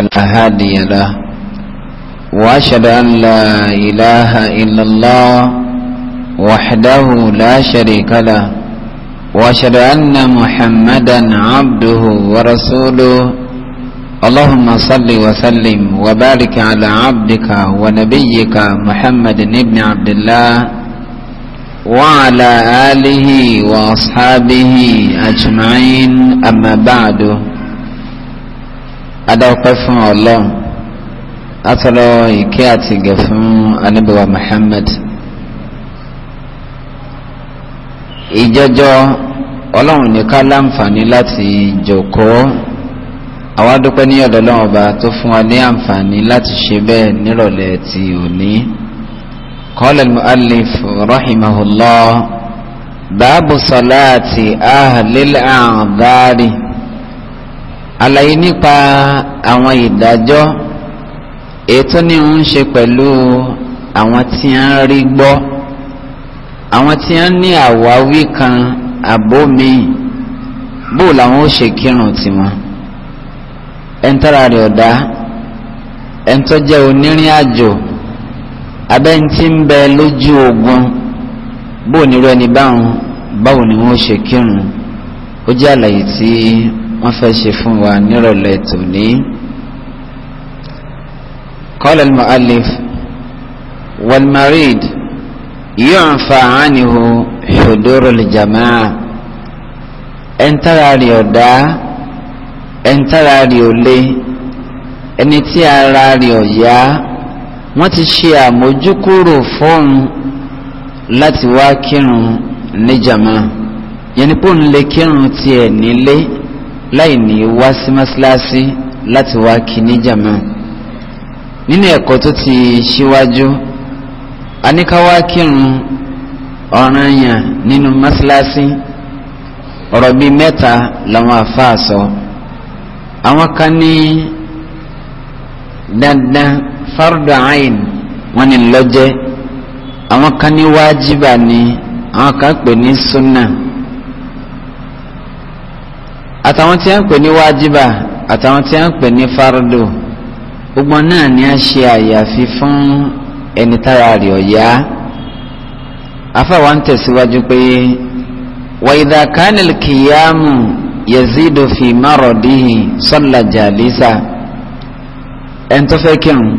الأهادي هادي له وأشهد أن لا إله إلا الله وحده لا شريك له وأشهد أن محمدا عبده ورسوله اللهم صل وسلم وبارك على عبدك ونبيك محمد بن عبد الله وعلى آله وأصحابه أجمعين أما بعد adáwọ̀pẹ́ fún ọlọ́run látọ̀rọ̀ ìkẹ́ àti ìgẹ̀ fún anábẹ́wà Muhammad ìjọjọ́ ọlọ́run ní ká láǹfààní láti jókòó àwa dúpẹ́ ní ọ̀dọ̀ ọlọ́run ọba tó fún wa ní àǹfààní láti ṣe bẹ́ẹ̀ nírọ̀lẹ́ ti òní qala al rahimahullah báàbù salati ahlil a'dhari àlàyé nípa àwọn ìdájọ́ ètò ní ń ṣe pẹ̀lú àwọn tí a ń rí gbọ́ àwọn tí a ń ní àwáwí kan àbó míì bó làwọn ó ṣe kírun tiwọn ẹ̀ńtọ́ra rẹ̀ ọ̀dá ẹ̀ńtọ́ jẹ́ onírìn àjò abẹ́ntí ń bẹ lójú ogun bó nírú ẹni báwọn báwo ni wọ́n ṣe kírun ó jẹ́ àlàyé tí wọ́n fẹ́ ṣe fún wa nírọ̀lẹ́ tòní. قال المؤلف والمريض يعفى عنه حضور الجماعة ẹni tára rẹ̀ ò dá ẹni tára rẹ̀ ò le ẹni tí ara rẹ̀ ò yá wọ́n ti ṣe àmójúkúrò fóun láti wá kírun ní jama yẹnipó ń lè kírun tiẹ̀ nílé láì ní wá sí mọ́sálásí láti wá kí ní jàmá nínú ẹ̀kọ́ tó ti ṣíwájú aníkáwá kírun ọ̀ranyàn nínú mọ́sálásí ọ̀rọ̀ bíi mẹ́ta làwọn àfáà sọ àwọn kan ní dandan fardu ain wọn ni lọ́jẹ́ àwọn kan ní wájibà ni àwọn kan pè ní sunna àtàwọn tí a ń pè ní wájibà àtàwọn tí a ń pè ní fardo gbogbo náà ni a ṣe àyàfi fún ẹni tára rẹ̀ ọ̀yá afáwa ń tẹ̀síwájú pé wàyídà kánìl kìyàmù yazidu fi márọ̀dìhì sọ́là jàlísà ẹni tó fẹ́ kírun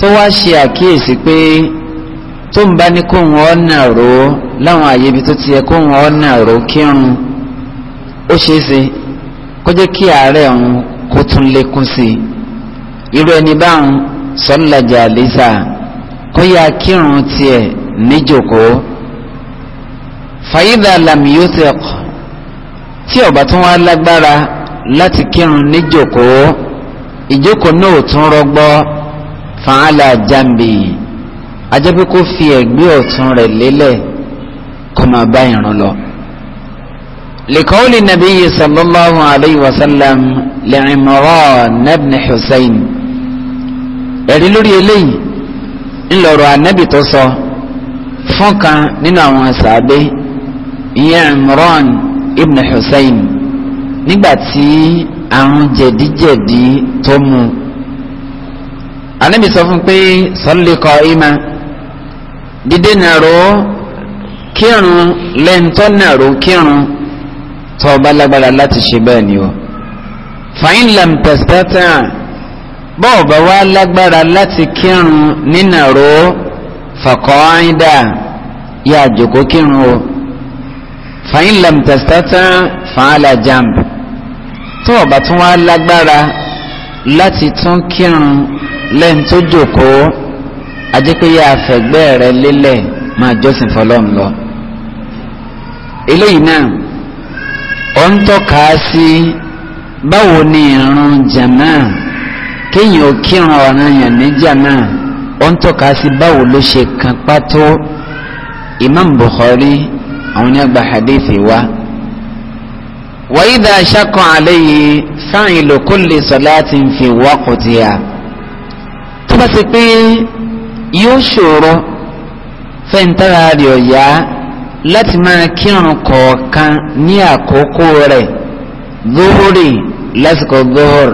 tó wá ṣe àkíyèsí pé tó ń bá ní kóhun ọ̀nà rò láwọn àyè tó ti yẹ kóhun ọ̀nà rò kírun ó ṣeé ṣe kó jẹ́ kí àárẹ̀ ọ̀hún kó tún lékún sí i irú ẹni báwọn sọ́nlàjà àlísà kó yá kírun tiẹ̀ níjòkóó fàyídà lamiyotek tí ó bá tún wá lágbára láti kírun níjòkóó ìjókòó náà tún rọgbọ fàálà jàǹbì ajẹ́pẹ́ kó fi ẹ̀gbẹ́ ọ̀tún rẹ̀ lélẹ̀ kó máa bá ìrun lọ. لقول النبي صلى الله عليه وسلم لعمران بن حسين ẹ̀rí lórí eléyìí ńlọrọ̀ ànábì tó sọ fún kan nínú àwọn sàábé ìyẹn Imran ibn Hussein nígbà tí àwọn jẹ̀díjẹ̀dí tó mú un ànábì sọ fún pé salli qa'ima dídé nàró kírun lẹ́ńtọ́ nàró kírun tó o bá lágbára láti ṣe bẹ́ẹ̀ ni o fàyín lam tastata bọ́ọ̀ bá wá lágbára láti kírun nínàró faqa'ida yá àjòkó kírun o fàyín lam tastata fa'ala jamb tó o bá tún wá lágbára láti tún kírun lẹ́yìn tó jòkó ajẹ́pẹ́yà àfẹ̀gbẹ́ rẹ lélẹ̀ máa jọ́sìn fọlọ́run lọ eléyìí náà ó ń tọ́ka sí báwo ni ìrun jàmá kéèyàn ò kírun ọ̀ranyàn ní jàmá ó ń tọ́ka sí báwo ló ṣe kan pàtó Imam Bukhari àwọn ní àgbà hadithi wa. wa idha shaqqa alayhi fa'ilu kulli salatin fi waqtiha tó bá ti pé yóò ṣòro fẹ́ntara rẹ̀ ọ̀yá láti máa kírun kọ̀ọ̀kan ní àkókò rẹ̀ zuhuri lásìkò zuhur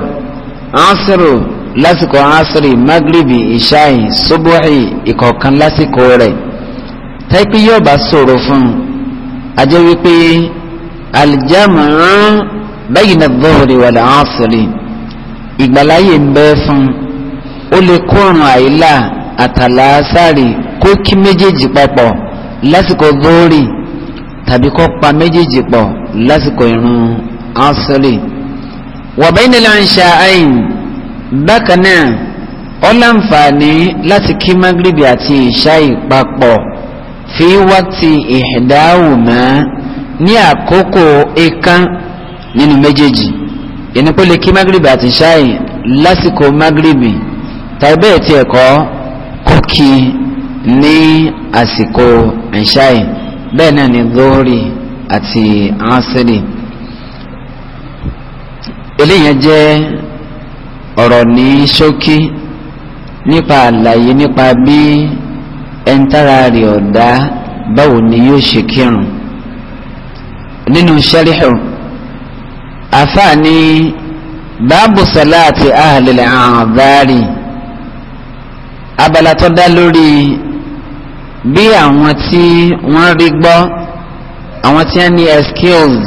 asiru lásìkò asiri magribi ìṣáì subuhi ìkọ̀ọ̀kan lásìkò rẹ̀ tẹ́pí yóò bá sọ̀rọ̀ fún un àjẹ́ wípé alìjáàmù bayna zuhuri wal asiri ìgbàláyè ń bẹ fún ó lè kó ọ̀run àìlà àtàlásárì méjèèjì papọ̀ lásìkò dóòrì tàbí kó pa méjèèjì pọ̀ lásìkò irun asọ́lì wa bayna al-isha'ayn bákan náà ó láǹfààní láti kí magrebi àti ìṣáì papọ̀ fi wákìtì ihdahuma ní àkókò ìkan nínú méjèèjì ẹni pé lè kí magrebi àti ìṣáì lásìkò magrebi tàbí bẹ́ẹ̀ tiẹ̀ kọ́ kó ní àsìkò ẹ̀ṣáì bẹ́ẹ̀ náà ni lórí àti ásírì eléyẹn jẹ́ ọ̀rọ̀ ní ṣókí nípa àlàyé nípa bí ẹntara rẹ̀ ọ̀dá báwo ni yóò ṣe kírun nínú ṣẹ́ríhù àfáà báàbù sàláàtì ahlil àdárì abala tó dá lórí bí àwọn tí wọ́n rí gbọ́ àwọn tí wọ́n ní skills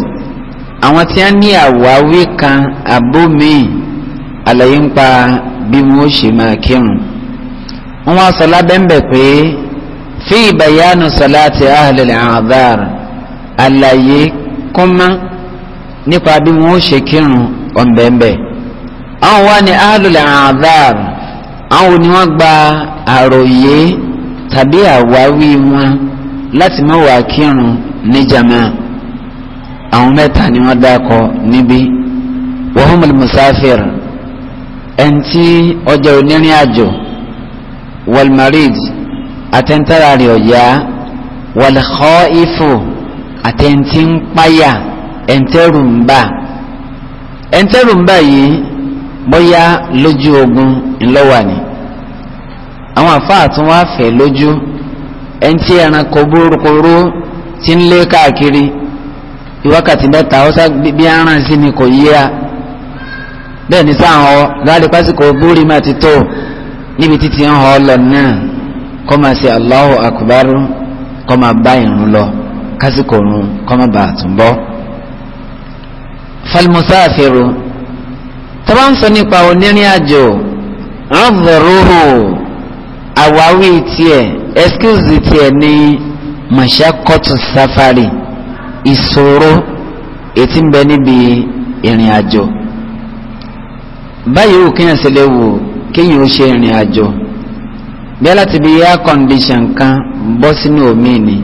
àwọn tí wọ́n ní àwáwí kan àbómi àlàyé ń pa bí wọ́n ṣe máa kírun wọ́n wá sọ lábẹ́ńbẹ̀ pé fi ìbàyánu sọláàtì ahlil àdáàr àlàyé kọ́má nípa bí wọ́n ṣe kírun ọ̀nbẹ̀ńbẹ̀ àwọn wá ní ahlil àdáàr àwọn ni wọ́n gba àròyé tàbí àwáwí wọn láti má wàá kírun ní jama àwọn mẹ́ta ni wọ́n dákọ níbí wahumul musafir ẹni tí ọjọ́ onírìn àjò walmarid àtẹ̀ntàrà rẹ̀ ọ̀yá walkhaifu àtẹ̀ntì ń páyà ẹ̀ntẹ́rù ń yìí bóyá lójú ogun ńlọ́wà ni. àwọn àfáà tí wọ́n á lójú ẹni tí ẹranko burúkú ti ń lé káàkiri ìwákàtí mẹ́ta ó bí aràn sí ni kò yíra bẹ́ẹ̀ ní sáà ọ láti pásíkò búrí máa ti tó níbi títí ń họ lọ náà kọ́ máa ṣe Allahu kọ́ máa bá lọ kásìkò òrùn kọ́ máa bàa tún bọ́. falmusafiru tọ́ba ń sọ nípa onírìn àjò Awawi tiẹ̀ excuse tiẹ̀ ni mọ̀ṣákọ́tù sáfárì ìṣòro ètí ń bẹ níbi ìrìn àjò báyìí wò kéèyàn sì lè wò kéèyàn ó ṣe ìrìn àjò bí aláti air condition kan bọ́ sínú omi ni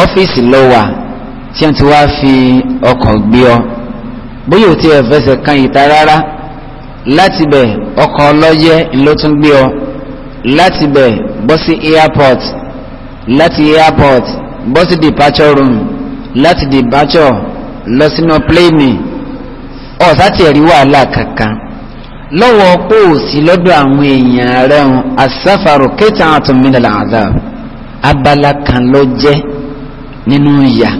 ọ́fíìsì ló wà tí wọ́n ti wá fi ọkọ̀ gbé ọ bóyá ò tiẹ̀ fẹsẹ̀ kan ìta rárá láti bẹ̀ ọkọ̀ ọlọ́yẹ ló tún gbé ọ láti bẹ̀ bọ́ sí airport láti airport bọ́ sí departure room láti departure lọ sínú pléènì ọ̀sá tiẹ̀ rí wàhálà kankan lọ́wọ́ pò sí lọ́dọ̀ àwọn èèyàn rẹ̀ ń asáfàrò kéta àtúnmílẹ̀ làǹdà abala kan ló jẹ́ nínú ìyà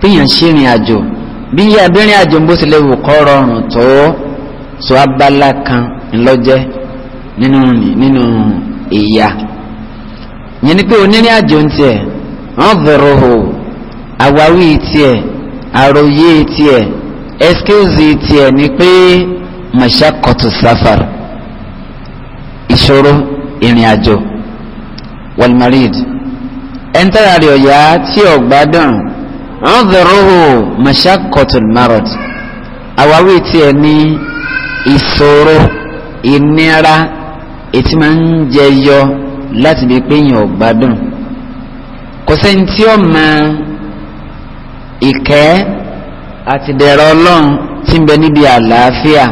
bíyàn ṣìrìn àjò bí abẹ́rìn àjò ń bó tilẹ̀ wù kọ́ rọrùn tó so abala kan ńlọ́jẹ́ nínú nínú ìyá yẹn ni pé onírìn àjò ń tiẹ̀ wọ́n bẹ̀rù hù àwáwí tiẹ̀ àròyé tiẹ̀ ẹ́skíwùsì tiẹ̀ ni pé mọ̀ṣákọ̀tù sáfàr ìṣòro ìrìn àjò wàlmarid ẹ̀ńtàrà ọ̀yá tí ọ̀gbádùn wọ́n bẹ̀rù hù mọ̀ṣákọ̀tù marot àwáwí tiẹ̀ ni ìṣòro ìnira ètí máa ń jẹ yọ láti bí pé yàn ò gbádùn kò sẹ́ni tí ó mọ ìkẹ́ àtìdẹ̀rọ ọlọ́run tí ń bẹ níbi àlàáfíà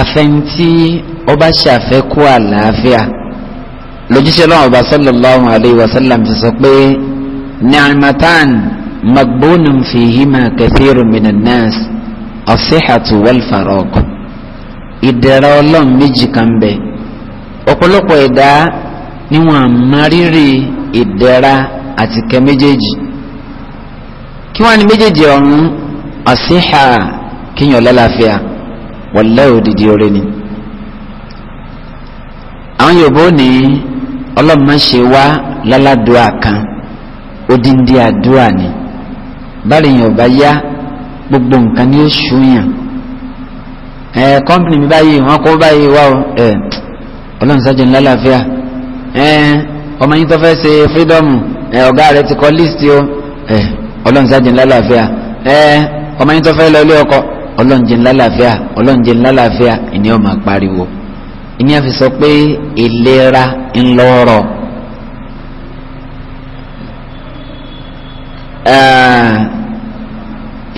àfẹnití ọba ṣàfẹ́kù àlàáfíà lójúṣe lọ́wọ́ ọba sallallahu alayhi wa sallam ti sọ pé ni'matan magbónum fìhímà kathirun minan nas as ìdẹ̀rọ ọlọ́run méjì kan bẹ́ẹ̀ ọ̀pọ̀lọpọ̀ ẹ̀dá ni wọ́n àmárírì ìdẹ̀ra àti kẹ́ méjèèjì kí wọ́n á ní méjèèjì ọ̀hún àṣìhà kíyàn lálàáfíà wọ̀lẹ́ òdìdí oore ni. àwọn Yorùbá ò ní ọlọ́mọ ṣe wá láládùá kan odindi àdúrà ni báyìí yàn bá yá gbogbo nǹkan ni ó ṣùyàn ẹ kọ́mpìnì mi báyìí wọ́n kó báyìí wá ẹ. Eh, ọlọ́run sáájú ńlá làáfíà ẹ̀ẹ́n ọmọ yín tó fẹ́ ṣe freedom ẹ̀ ọ̀gá rẹ̀ ti kọ́ list o ẹ̀ ọlọ́run sáájú ńlá làáfíà ẹ̀ẹ́n ọmọ yín tó fẹ́ lọ ilé ọkọ ọlọ́run jẹ́ ńlá làáfíà ọlọ́run jẹ́ ńlá làáfíà ìní ọmọ àpariwo ìní àfi sọ pé ìlera ńlọrọ.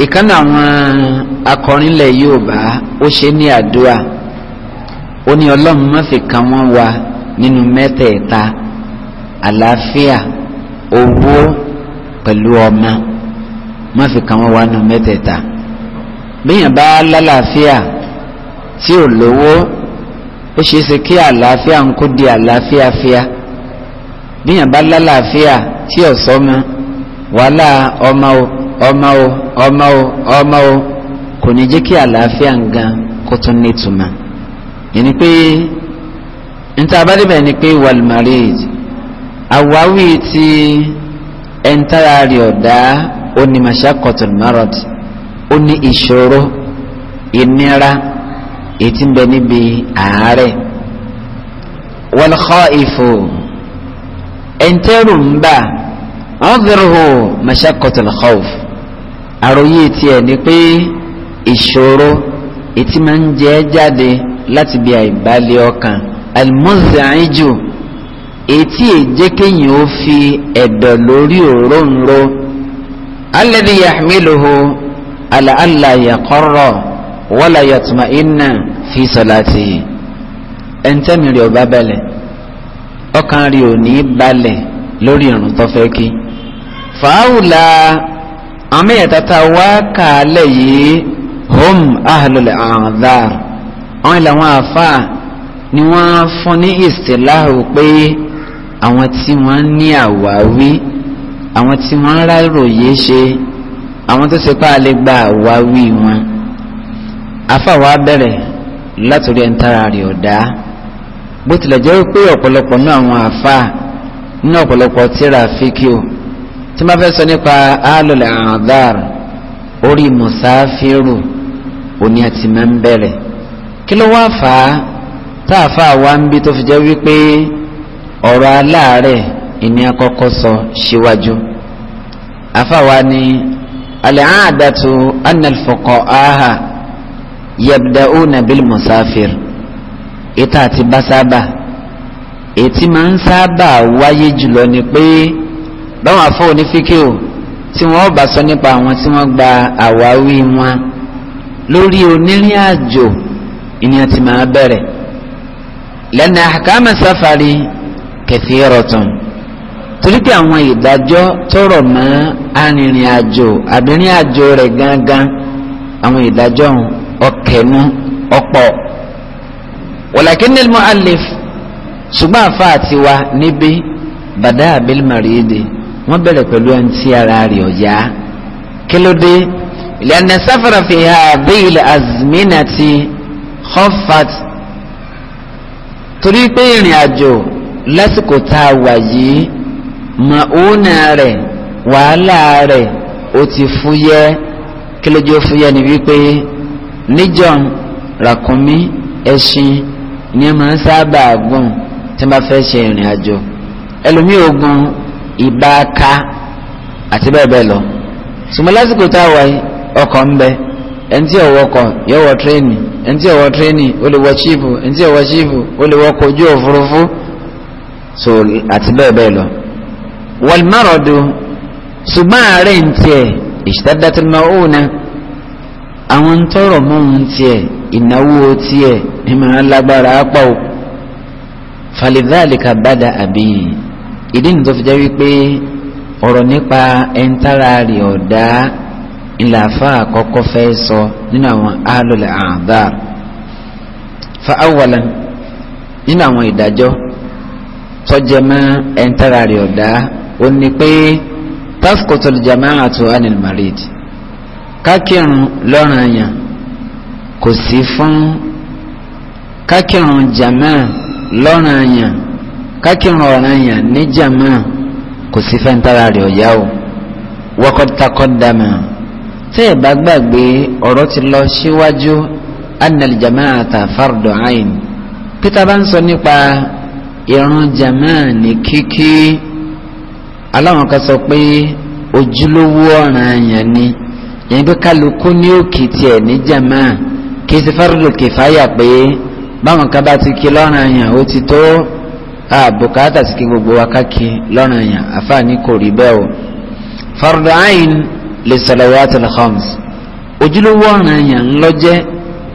ìkànnì àwọn akọrin ilẹ̀ Yorùbá ó ṣe ní àdúrà ó ní ọlọ́run má fi kan wọ́n wá nínú mẹ́tẹ̀ẹ̀ta àlàáfíà owó pẹ̀lú ọmọ má fi kan wọ́n wá nínú mẹ́tẹ̀ẹ̀ta bíyàn bá lálàáfíà tí ò lówó ó ṣeé ṣe kí àlàáfíà ń kó di àlàáfíà fíà bíyàn bá lálàáfíà tí ò wàhálà ọmọ o ọmọ o ọmọ o ọmọ o kò ní jẹ́ kí àlàáfíà ń gan kó tún nítumọ̀ yẹni pé níta abádébẹ̀ ni pé walmarij àwáwí ti ẹ̀ńtára rẹ̀ ọ̀dá ó ní mashaqatul marad ó ní ìṣòro ìnira ètí ń bẹ níbi àárẹ̀ wal khaifu ẹ̀ńtẹ́rù ń bà ọ̀dọ́rùhù mashaqatul khawf àròyé tiẹ̀ ni pé ìṣòro ètí máa ń jẹ́ jáde láti bí àìbalẹ̀ ọkàn almuzaiju etí èjékéyìn ó fi ẹ̀dọ̀ lórí òróǹro alladhi yahmiluhu ala alla yaqarra wala yatma'inna fi salatihi ẹ̀ńtẹ́mi rí ọba balẹ̀ ọkàn rí ò ní balẹ̀ lórí ìrun tó fẹ́ kí fàáwùlà àmì ẹ̀tàtà wá kàálẹ̀ yìí hum ahlul a'dhar àwọn ìlànà àfáà ni wọ́n fún ní ìsìláhù pé àwọn tí wọ́n ní àwáwí àwọn tí wọ́n ráìròyé ṣe àwọn tó ṣe pa àlè gba àwáwí wọn àfáà wa bẹ̀rẹ̀ látòrí ẹ̀ńtara rẹ̀ ọ̀dá bó tilẹ̀ jẹ́ pé ọ̀pọ̀lọpọ̀ náà àwọn àfáà ní ọ̀pọ̀lọpọ̀ tíra fíkíò tí ma fẹ́ sọ nípa alùlẹ̀ àdáàr orí musafiru òní àti máa kí ló wá fà á tá a fà wá ń bí tó fi jẹ́ wípé ọ̀rọ̀ aláàárẹ̀ ìní akọ́kọ́ sọ síwájú àfàwa ni al-aadatu anna al-fuqaha yabda'una bil musafir ìta àti bá sábà ètí máa ń sábà wáyé jùlọ ni pé báwọn afọ onífíkẹ́ o tí wọ́n bá sọ nípa àwọn tí wọ́n gba àwáwí wọn lórí onírìn àjò ìní àti máa bẹ̀rẹ̀ lẹ́nu àkàmà sáfàrí kathiratun torí pé àwọn ìdájọ́ tọrọ mọ́ arìnrìn àjò àbírin àjò rẹ̀ gángan àwọn ìdájọ́ ọkẹ̀nu ọ̀pọ̀ walakin al-mu'allif ṣùgbọ́n àfa àti wa níbí bàdá abil maridi wọ́n bẹ̀rẹ̀ pẹ̀lú ẹni tí ara rẹ̀ ọ̀yá kí ló dé ìlànà sáfàrà fi hadhihi al-azminati kọfàt torí pé ìrìn àjò lásìkò tá a wà yìí màúnà rẹ̀ wàhálà rẹ̀ ó ti fúyẹ́ kí lójú ó fúyẹ́ ni wípé níjọ́ ràkúnmí ẹṣin ni ẹ máa ń sábà gùn tí wọ́n bá fẹ́ ṣe ìrìn àjò ẹlòmíì ogun ìbáka àti bẹ́ẹ̀ bẹ́ẹ̀ lọ ṣùgbọ́n lásìkò tá a wà yìí ọkọ̀ ń bẹ́ẹ̀ ẹnití ọwọ kọ yóò wọ tírẹ́nì ẹnití ọwọ tírẹ́nì ó lè wọ ṣíìpù ẹnití ọwọ ṣíìpù ó lè wọ kojú òfurufú so àti bẹ́ẹ̀ bẹ́ẹ̀ lọ. wàlmárọ̀dù ṣùgbọ́n àárẹ̀ ń tiẹ̀ ìṣẹ́dátìmọ̀ òòna àwọn ń tọrọ mọ́ ohun tiẹ̀ ìnáwó tiẹ̀ ní máa lágbára pọ̀ o. falidhalika bada ìdí nìtọ́ fi jẹ́ wípé ọ̀rọ̀ nípa ẹ̀ńtárà rẹ̀ ọ̀dá ìlàfà àkọ́kọ́ fẹ́ sọ nínú àwọn alùlẹ̀ àdáàr fa awalan nínú àwọn ìdájọ́ tọ́jẹ́mọ́ ẹ̀ńtẹ́rarì ọ̀dá ó ní pé tafkotul jama'atu anil marid kákìrún lọ́rùn àyàn kò sí fún kákìrún jama'a lọ́rùn àyàn kákìrún ọ̀ràn àyàn ní jama'a kò sí fẹ́ńtẹ́rarì ọ̀yá o waqad taqaddama tẹ́ ẹ̀ bá gbàgbé ọ̀rọ̀ ti lọ síwájú annal jamaata fardu ain peter bá ń sọ nípa ìran jamaa ní kíkí aláwọn kan sọ pé ojúlówó ọ̀ranyàn ni yẹn pé kálukú ní òkè tiẹ̀ ní jamaa kì í ṣe fardu kìfáyà pé báwọn kan bá ti kí lọ́ranyàn ó ti tó àbùkátà sí kí gbogbo wa ká kí lọ́ranyàn àfáà ní kò rí bẹ́ẹ̀ o fardu ain lisalawaati alkhams ojúlówó ọ̀ràn yẹn ńlọ́jẹ́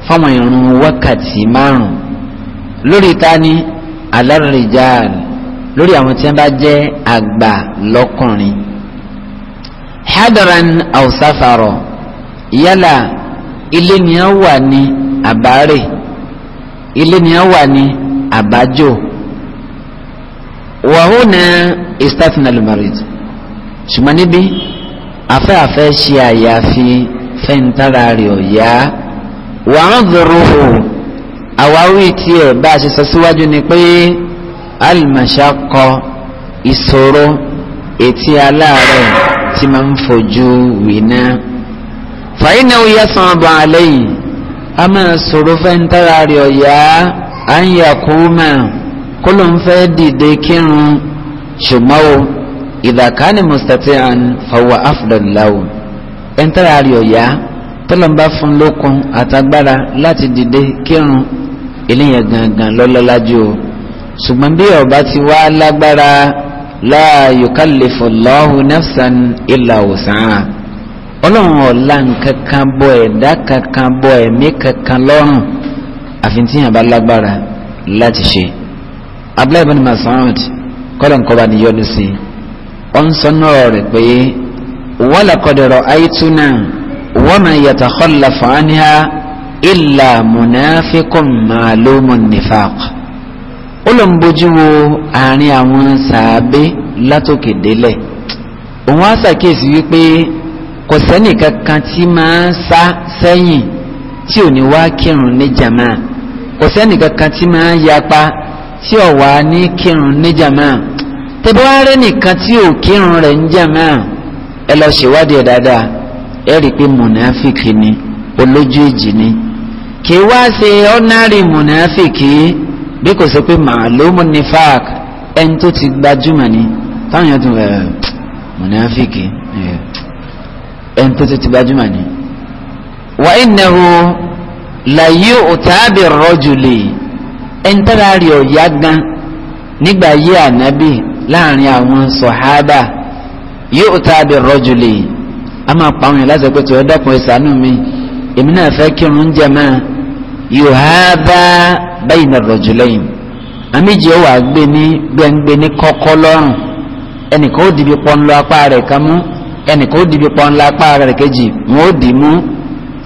fáwọn irun wákàtí márùn lórí tani alárìjáàl lórí àwọn tí wọ́n bá jẹ́ àgbà lọ́kùnrin hadaran aw safaro yálà ilé ni a wà ní àbárè ilé ni a wà ní àbájò wàhùn náà istafinal marid ṣùgbọ́n níbí afẹ́afẹ́ ṣe àyàfi fẹ́ntara rẹ̀ ò yá wàá dòròhò àwáwí tiẹ̀ bá a ṣe sọ síwájú ni pé alimọ̀ṣá kọ ìṣòro etí aláàárẹ̀ tí máa ń fojú wìnà fàyínà ó yẹ san ọba àlẹ́ yìí a máa ṣòro fẹ́ntara rẹ̀ ò à ń yà kú mà kó ló ń fẹ́ dìde kírun ṣùgbọ́n o idha kana mustati'an fahuwa afdal lahu ẹ̀ńtẹ́rẹ́ àrí ọ̀yá tọ́lọ́mbà fún lókun àtagbára láti dìde kírun eléyàn gangan lọ́lọ́lájú o ṣùgbọ́n bí ọba ti wá lágbára la yukallifu Allahu nafsan illa wus'aha ọlọ́run ọ̀la nkankan bọ ẹ̀dá kankan bọ ẹ̀mí kankan lọ́rùn àfihàn bá lágbára láti ṣe Abdullahi bin Mas'ud kọ́lọ̀ nkọ́ba níyọ́nu sí i ọ̀nsọ́nọ́rọ̀ rẹ̀ pé wọ́lẹ̀kọ̀dẹ̀rọ̀ àìtúnà wọ́n máa yàtọ̀ kọ́lá fàánìhà ìlà mùnàfíkùn màálùmù nìfàq. ó ló ń bójú wo àárín àwọn sàábé látòkè délẹ̀ òun á ṣàkíyèsí wípé kò sẹ́nì kankan tí máa sá sẹ́yìn tí ò ní wá kírun ní jàmáà kò sẹ́nì kankan tí máa yapa tí ò wá ní kírun ní jàmáà tẹ́bọ́rẹ́ nìkan tí ò kírun rẹ̀ ń jẹ́ náà ẹ lọ ṣèwádìí ẹ̀ dáadáa ẹ rí i pé mùnàfíkì ni olójú èjì ni kì í wá ṣe ọ́nárì mùnàfíkì bí kò ṣe pé màálùmù ní fák ẹni tó ti gbajúmọ̀ ni táwọn yẹn tún ẹ mùnàfíkì ẹni tó ti gbajúmọ̀ ni. wà á ìnáwó làyé òtàbí rọ́jùlì ẹni tára rí ọ̀yá gan nígbà yé ànábì láàrin àwọn sọ̀hábà yóò tá a bẹ̀ rọ́jùlì a máa pa àwọn yẹn láti pé tí ó dọ́kun ìsànú mi èmi náà fẹ́ kírun jẹ̀mọ́ yóò há bá báyìí nà rọ́jùlẹ́yìn àmìjì ó wà gbé ní gbẹ̀ngbẹ̀ ní kọ́kọ́ lọ́rùn ẹnìkan ó dìbí pọ́n lọ apá rẹ̀ kan mú ẹnìkan ó dìbí pọ́n lọ apá rẹ̀ kejì wọn ó dì mú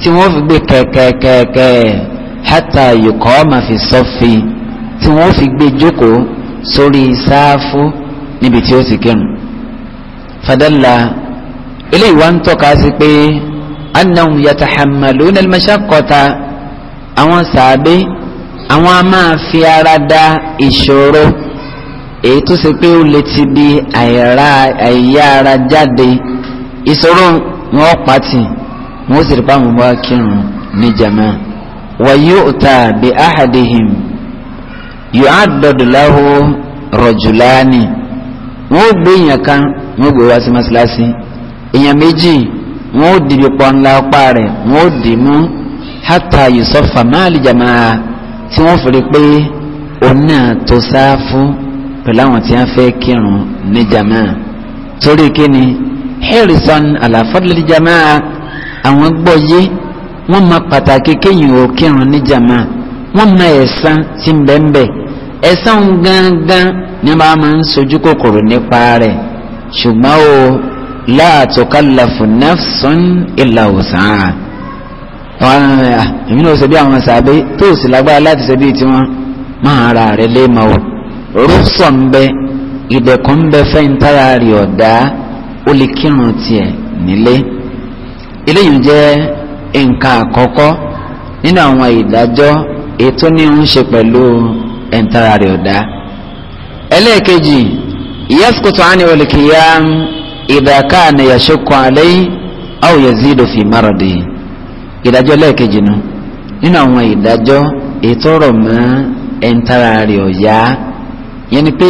tí wọ́n fi gbé kẹ̀kẹ̀kẹ̀kẹ̀ hátà yòkọ́ máa fi sọ́fin tí wọ́n fi gbé jókòó sórí sáfù. So níbi tí ó sì kírun fadala eléyìí wá ń tọ́ka sí pé annahum yatahammaluna al-mashaqqata àwọn sàábé àwọn a máa fi ara da ìṣòro èyí tó ṣe pé ó lè ti di àìyá ara jáde ìṣòro wọn pàtì wọn ó sì rí pàmò bá kírun ní jama wa yu'ta bi ahadihim yu'addadu lahu rajulani wọn ó gbé èèyàn kan wọn ó gbé wá sí mọ́ṣáláṣí èèyàn méjì wọn ó dìbò pọ̀ ńlá ọpá rẹ̀ wọn ó dì mú hátà yusufa máàlì jamaa tí wọ́n fèrè pé òun tó sáfù pẹ̀lú àwọn tí wọ́n fẹ́ kírun ní jamaa torí kíni harrison àlàfọ́dúlẹ̀ jamaa àwọn gbọ́ yé wọ́n mọ pàtàkì kéèyàn ò kírun ní jamaa wọ́n mọ ẹ̀san tí ń bẹ́ẹ̀ bẹ́ẹ̀ ẹ̀san gangan ní bá máa ń sojú kòkòrò nípa rẹ̀ ṣùgbọ́n o la tukallafu nafsun illa wus'aha àwọn èmi náà ṣe bí àwọn sàbẹ tó sì lágbára láti ṣe bí tiwọn máa ra rẹ léèmọ o rúṣọ ń bẹ ìdẹ̀kùn ń bẹ fẹ́ ń tára rí ọ̀dá ó lè kírun tiẹ̀ nílé eléyìí jẹ́ nǹkan àkọ́kọ́ nínú àwọn ìdájọ́ ètò ní ń ṣe pẹ̀lú ẹ̀ntara rẹ̀ ọ̀dá ẹlẹ́ẹ̀kejì yẹ́sùkùtù á ní olùkìyà ìdàká ni yàṣọkọ̀ alẹ́ na yazidu fi maradi ìdájọ́ ẹlẹ́ẹ̀kejì nu nínú àwọn ìdájọ́ ètò mọ́ ẹ̀ntara ọ̀yá yẹn ni pé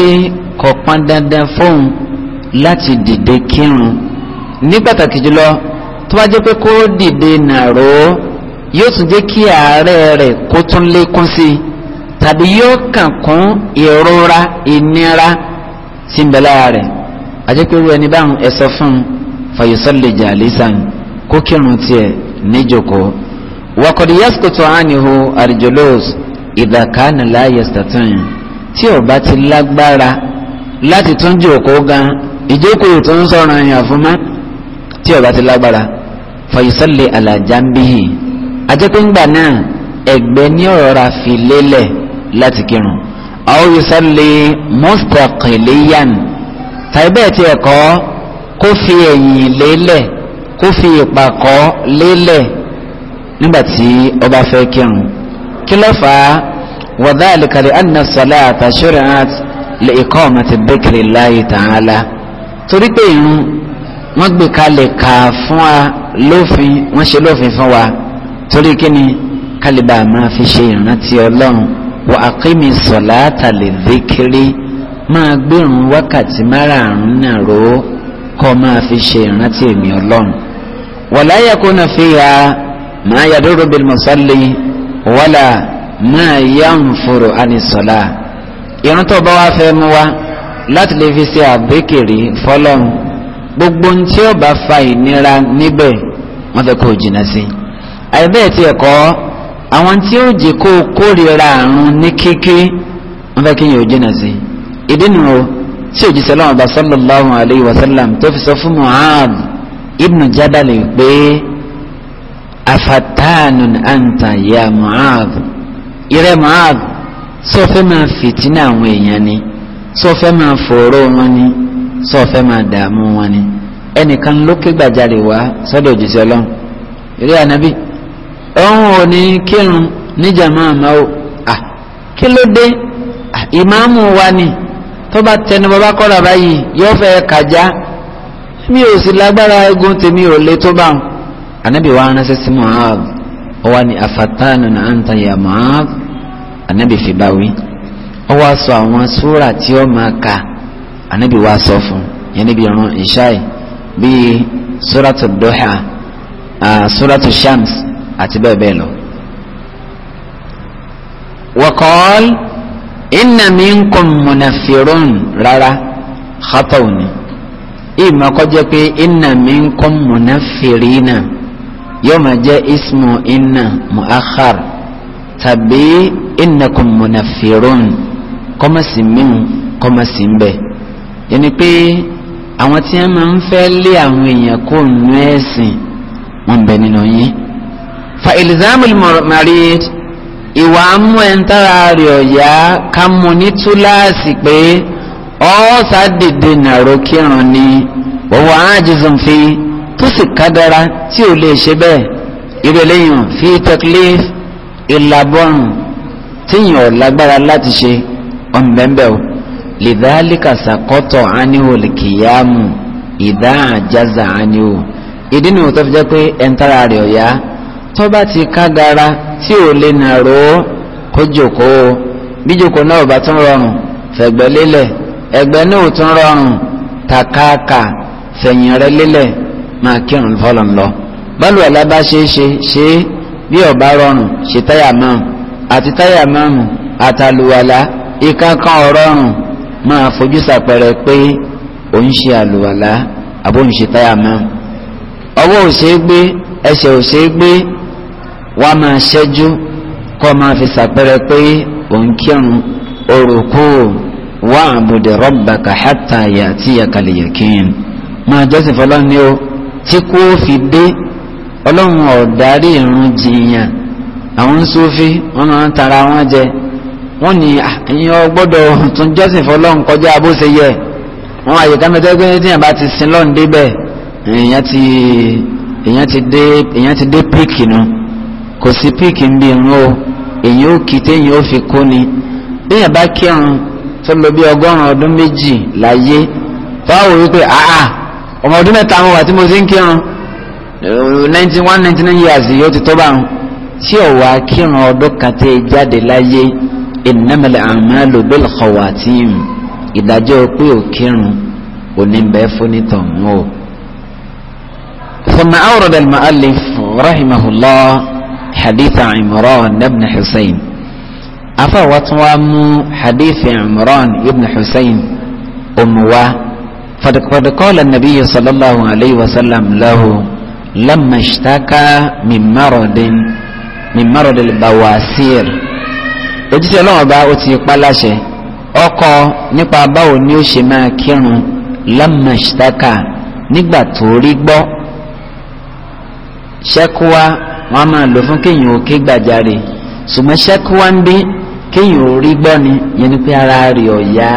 ya pọn dandan fóun láti dìde kírun ní pàtàkì jùlọ tó bá jẹ́ pé kó dìde nàró yóò tún jẹ́ kí àárẹ̀ rẹ̀ kó tàbí yóò kàn kún ìrora ìnira tí ń bẹ lára rẹ̀ àjẹpẹ́rú ẹni báwọn ẹ̀sọ́ fún un fàyọsọ́lẹ̀ jàlísàn kó kírun tiẹ̀ níjòkó. wakọ̀dí yaskutu ánìhù àrìjọlọ́s ìdàkánà láàyè statun tí ò bá ti lágbára láti tún jòkó gan ìjókòó tó ń sọ̀rọ̀ ẹ̀yàn fún mọ́ tí ò bá ti lágbára fàyọsọ́lẹ̀ àlàjámbìhì àjẹpẹ́ngbà náà ẹ̀gbẹ́ ní ọ̀rọ̀ ra fi lélẹ̀ láti kírun àwọn yusalli mustaqiliyan tàbí ẹ̀ tí ẹ̀ kọ́ kó fi ẹ̀yìn lélẹ̀ kó fi ìpàkọ́ lélẹ̀ nígbàtí ó bá fẹ́ kírun kí ló fà á wa dhalika li anna as-salata shuri'at li iqamati dhikri torí pé irun wọ́n gbé kalẹ̀ kà fún wa lófin wọ́n ṣe lófin fún wa torí kí ni kálíbà máa fi ṣe ìrántí Ọlọ́run wà á kí mi sọ̀lá àtàlẹ̀ dékiri máa gbẹ̀rún wákàtí márààrún náà ró kọ́ máa fi ṣe ìrántí èmi ọlọ́run wàlá yakuna fiha máa yadúró bil musalli wàlà máa yanfuru àní sọ̀lá ìrun tó bá wá fẹ́ mú wa láti lè fi ṣe àbíkiri fọlọ́run gbogbo ohun tí ó bá fa ìnira níbẹ̀ wọ́n fẹ́ kó jìnnà sí àìbẹ́ẹ̀ tí ẹ̀kọ́ àwọn tí ó jẹ kó kórìíra àrùn ní kéké wọn fẹ́ kéèyàn ò jìnnà sí ìdí o tí òjíṣẹ́ lọ́wọ́ bá sallallahu alayhi wa sallam tó fi sọ fún Mu'adh ibn Jabal pé afatanun anta ya Mu'adh ìrẹ́ Mu'adh sọ fẹ́ máa fìtínà àwọn èèyàn ni sọ fẹ́ máa fòòró wọn ni sọ fẹ́ máa dààmú wọn ni ẹnìkan ló ké gbàjarè wá sọ́dọ̀ òjíṣẹ́ lọ́wọ́ ìrẹ́ ànábì ọ̀hún ò kírun níjàmá àmà o kí ló dé ìmáàmù wa ni tó bá tẹnu bàbá kọ́ra báyìí yóò fẹ́ kàjá mi ò sì lágbára egun tèmi ò lè tó báwọn anabi wa ránṣẹ́ sí Mu'adh ó wá ní afatanu na anta ya Mu'adh anabi fi bá wí ó wá sọ àwọn súrà tí ó máa ka anabi wa sọ fún yẹn níbi ìran ìṣáì bíi súratu duha súratu shams àti bẹ́ẹ̀ bẹ́ẹ̀ lọ. wọ́kọ́ọ́l iná mi ń kọ́ mọ̀nàfẹ́rọ́n rárá xatọ́ ni ìmọ̀ kọjá pé iná mi ń kọ́ mọ̀nàfẹ́rìnà yóò máa jẹ́ ismu iná muakhar tàbí iná kọ́ mọ̀nàfẹ́rọ́n kọ́mọ̀sí mímu kọ́mọ̀sí ń bẹ̀ yẹn pé àwọn tí wọ́n máa ń fẹ́ lé àwọn èèyàn kó nù ẹ̀sìn wọ́n bẹ nínú yín. فإلزام ilzamul marid ìwà mú ẹni tára rẹ̀ ọ̀yá ká mú ní túláàsì pé ọ́ọ́sà dìde nàró kírun ni òwò àjùzùn fi tó sì kádàrá tí ò lè ṣe bẹ́ẹ̀ ìrẹ̀lẹ́yìn fi taklif ìlàbọ̀rùn tíyàn ò lágbára láti ṣe ọ̀nbẹ́ńbẹ́ o lidhalika sakọ́tọ̀ ánìwò kìyàmù ìdá àjáza ánìwò ìdí nìwò tó fi jẹ́ pé ẹni tára ọ̀yá tó bá ti kágara tí ò lè nàró kó jòkóo bí jòkó náà bá tún rọrùn fẹ̀gbẹ́ lélẹ̀ ẹ̀gbẹ́ náà ò tún rọrùn tàkàkà fẹ̀yìn rẹ̀ lélẹ̀ máa kírun fọlọ ńlọ bọ́ọ̀lù ọ̀la bá ṣe é ṣe ṣe é bí ọ̀bá rọrùn ṣe táyà máàmù àti táyà máàmù àtàlùwàlà ìkankan ọ̀rọ̀rùn máa fojú sàpẹrẹ pé ò ń ṣe àlùwàlà àbó ṣe táyà máàmù ọwọ́ ò ẹsẹ̀ ò wọ́n á máa ṣẹ́jú kọ́ máa fi ṣàpẹrẹ pé òun kírun orúkú wà àbùdè rabbaka hatta ya'tiyaka al-yaqin máa jọ́sìn fọlọ́run ni ó tí kú ó fi dé ọlọ́run ọ̀darí ìrun jìyàn àwọn Súfí wọ́n máa ń tara wọn jẹ wọ́n ní àyàn ah, gbọ́dọ̀ tún jọ́sìn fọlọ́run kọjá bó ṣe yẹ wọn àyíká mẹ́ta pé tí yẹn ti sin lọ́run débẹ̀ ti dé èèyàn náà kò sí píìkì ń bí irun o èyí ó kì í téyìn ó fi kú ni bẹ́ẹ̀ bá kírun tó lọ bí ọgọ́rùn-ún ọdún méjì láyé fáwọn wípé àà ọmọ ọdún mẹ́ta mo wà tí mo ti ń kírun ninety one ninety nine years yóò ti tó báwọn tí ò wá kírun ọdún kan tẹ́ ẹ jáde láyé ìnámẹ́lẹ̀ àmàlò bẹ́ẹ̀ kọ̀wá tí ìdájọ́ pé ò kírun òní bẹ́ẹ̀ fún nítọ̀ mọ́ o. ثم أورد المؤلف رحمه الله hadith Imran ibn Hussein afa wa tún wá mú hadith Imran ibn Hussein omuwa um fadakọdakọla nabi sallallahu alayhi wa sallam lahu lamma ishtaka min marodin min marodin bawasir ojúṣe ọlọ́run ọba ó ti pa láṣẹ ọkọ nípa báwo ni ó ṣe máa kírun lamma ishtaka nígbà tó rí gbọ́ ṣẹ́kúwa wọ́n á máa lò fún kéèyàn ò ké gbàjarè ṣùgbọ́n ṣẹ́kúwá ń bí kéèyàn ò rí gbọ́ ni yẹn ni pé ara rẹ̀ ò yá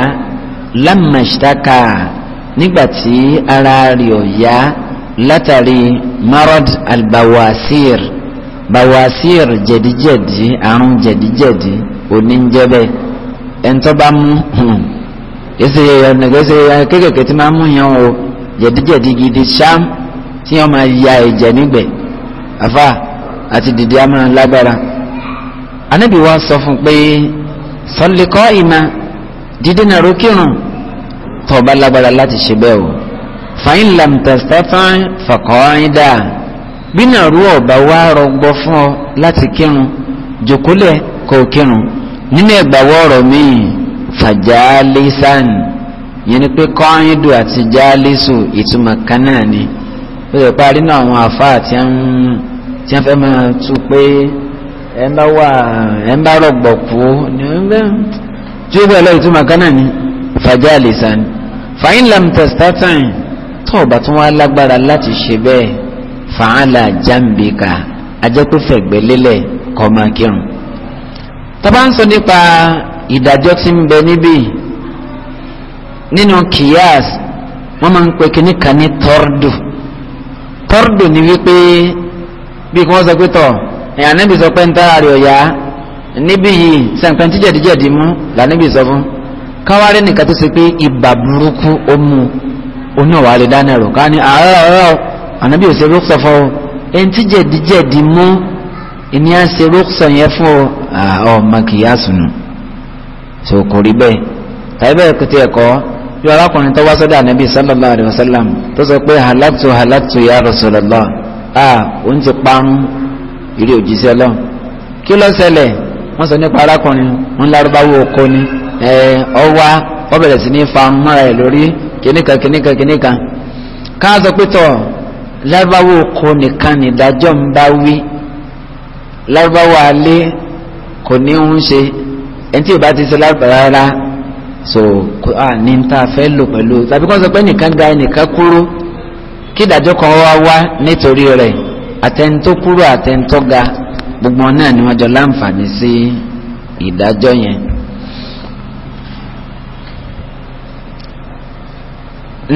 lámàṣítákà nígbà tí ara rẹ̀ ò yá látàrí marad albawasir bawasir jẹ̀díjẹ̀dí àrùn jẹ̀díjẹ̀dí oníjẹ́bẹ̀ ẹ̀ńtọ́ ẹsẹ̀ ẹ̀nàgẹ́sẹ̀ kékèké tí máa mú yẹn o jẹ̀díjẹ̀dí gidi ṣáàm tí wọ́n máa ya ẹ̀jẹ̀ nígbẹ̀ àfáà àti dìde a máa lágbára anábì wa sọ fún pé salli qa'iman dídé náà ro kírun tó o bá lágbára láti ṣe bẹ́ẹ̀ o fa in lam tastati' bí náà ru ọ̀bá wa rọgbọ fún ọ láti kírun jòkólẹ̀ kó kírun nínú ẹgbàwọ́ ọ̀rọ̀ míì fàjálísàn yẹn ni pé kọ́ńdù àti jálísù ìtumọ̀ kan náà ni ó lè parí náà àwọn àfáà tí wọ́n tí wọ́n fẹ́ máa tú pé ẹ̀ ń bá wà ẹ̀ ń bá rọ̀gbọ̀ kú ni wọ́n bẹ́ẹ̀ tí ó bẹ́ẹ̀ lọ́yìn tó máa kánà ní fàjá àlèsàn fàyín lam testatan tó o bá tún wá lágbára láti ṣe bẹ́ẹ̀ fàálà jàǹbìkà ajẹ́pẹ́fẹ̀gbẹ́ lélẹ̀ kọ́ máa ń sọ nípa ìdájọ́ tí ń bẹ níbí nínú kìyàs wọ́n máa ń pe kíní kan ní tọ́rdù tọ́rdù ni wípé bí kí wọ́n sọ pé tọ̀ ẹ̀yàn níbi sọ pé ń tára rẹ̀ ọ̀yá níbí yìí sẹ̀ǹpẹ̀ntì jẹ̀díjẹ̀dí mú làníbi sọ fún káwárí nìkan tó ṣe pé ibà burúkú ó mú oní ọ̀wà lè dáná ẹ̀rọ ká ní àárọ̀ ọ̀rọ̀ ànábì ò ṣe rúkṣọ fún ọ ẹ̀ǹtì jẹ̀díjẹ̀dí mú ìní à ń ṣe rúkṣọ yẹn fún ọ ọmọ kìyà sùnù tó kò rí bẹ́ẹ̀ tàbí bẹ́ẹ̀ kò tiẹ̀ kọ́ bí arákùnrin tó wá sọ́dọ̀ ànábì sallallahu alaihi wasallam tó sọ pé halatu halaktu ya Rasulullah a òun ti parun ìrè òjíṣẹ́ lọ kí ló ṣẹlẹ̀ wọ́n sọ nípa arákùnrin wọn lárúbáwò oko ni ẹ ọwá wọ́n bẹ̀rẹ̀ sí ní fa mọ́ra ẹ̀ lórí kìnìkan kìnìkan kìnìkan ká sọ lárúbáwò oko nìkan nìdájọ́ ń bá wí lárúbáwò alẹ́ kò ní ń ṣe ẹni tí ò ti ṣe lárúbáwò rárá so a ní ta fẹ́ lò pẹ̀lú tàbí kọ́ sọ pé nìkan ga nìkan kúrú kí ìdájọ́ kan wá wá nítorí rẹ̀ àtẹnitó kúrò àtẹnitó ga gbogbo náà ni wọ́n jọ láǹfààní sí ìdájọ́ yẹn.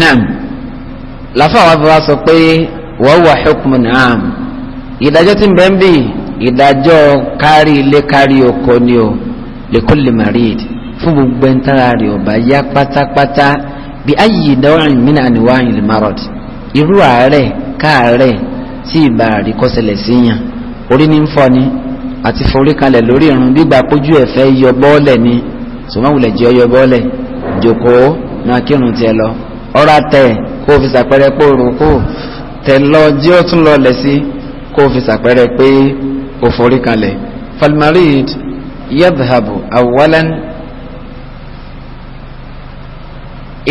naam làfàwọn afọwọ́ sọ pé wọ́n wà hukmu naam ìdájọ́ tí ń bẹ́ẹ̀ ń bì ìdájọ́ kárí ilé kárí oko ni o li kulli marid fún gbogbo ẹ̀ńtàrà rẹ̀ ọ̀bá yá pátápátá bí ayyi daw'in min anwa'il marad irú àárẹ̀ káàárẹ̀ tí ìbà rí sí yàn orí ní ń fọ́ ni àti forí kalẹ̀ lórí irun gbígbà pójú ẹ̀ fẹ́ yọ bọ́ọ̀lẹ̀ ni sòmọ́wùlẹ̀ jẹ́ yọ bọ́ọ̀lẹ̀ jòkóó máa kírun tiẹ̀ lọ ọ̀rá tẹ̀ kó o fi sàpẹrẹ pé òru kó tẹ̀ lọ jí ó tún lọlẹ̀ sí kó o fi sàpẹrẹ pé o forí kalẹ̀ falmarid yadhabu awalan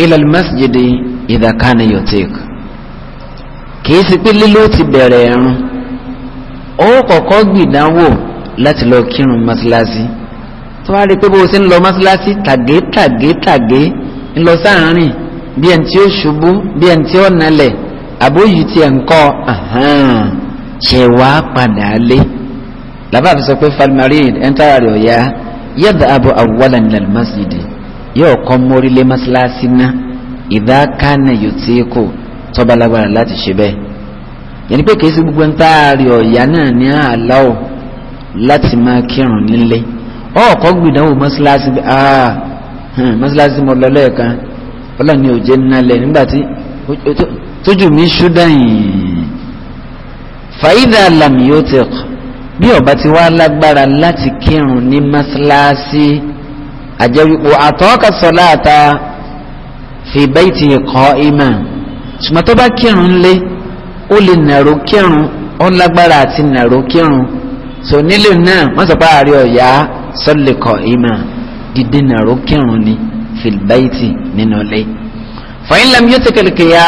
ilal masjidi idha kana yotik kìí ṣe pé lílo ti bẹ̀rẹ̀ ẹ̀rùn ó kọ́kọ́ gbìdánwò láti lọ kírun mọ́sálásí tó wá rí i pé bó o ṣe ń lọ mọ́sálásí tàgé tàgé tàgé ń lọ sáàárín bí ẹni tí ó ṣubú bí ẹni tí ó nalẹ̀ àbóyù tí ẹ̀ ń kọ́ ṣe wá padà lé làbáfi sọ pé falmarin ẹ̀ńtàrà rẹ̀ ọ̀yá yẹ́dà àbọ̀ àwọ̀là nílẹ̀ mọ́sídìí yóò kọ́ mórílé mọ́sálásí ná ìdákànnà yòtíkù tọ́ba lágbára láti ṣe bẹ́ẹ̀ yẹn ni pé kìí sí gbogbo ń tá a rí ọ̀yà náà ní àlá ò láti máa kírun nílé ọ̀ọ́kọ́ gbìdánwò mọ́ṣáláṣí ah mọ́ṣáláṣí mo lọ lẹ́ẹ̀kan ọlọ́run ni ò jẹ́ nálẹ̀ nígbà tí tójú mi ṣúdà yìí fàyídà lamiotic bí ọba ti wá lágbára láti kírun ní mọ́ṣáláṣí àjẹwípo àtọ́kasọ́láta fi bẹ́ẹ̀ kọ́ ìmọ̀ ṣùgbọ́n tó bá kírun lé ó lè nàró kírun ó lágbára àti nàró kírun so nílé náà wọ́n sọ pé ààrẹ ọ̀yá sọ́lẹ̀kọ̀ ìmọ̀ dídé nàró kírun ni fìlbáìtì nínú ilé fàyínlẹ́m yóò tẹ́kẹ̀lẹ́ kìyà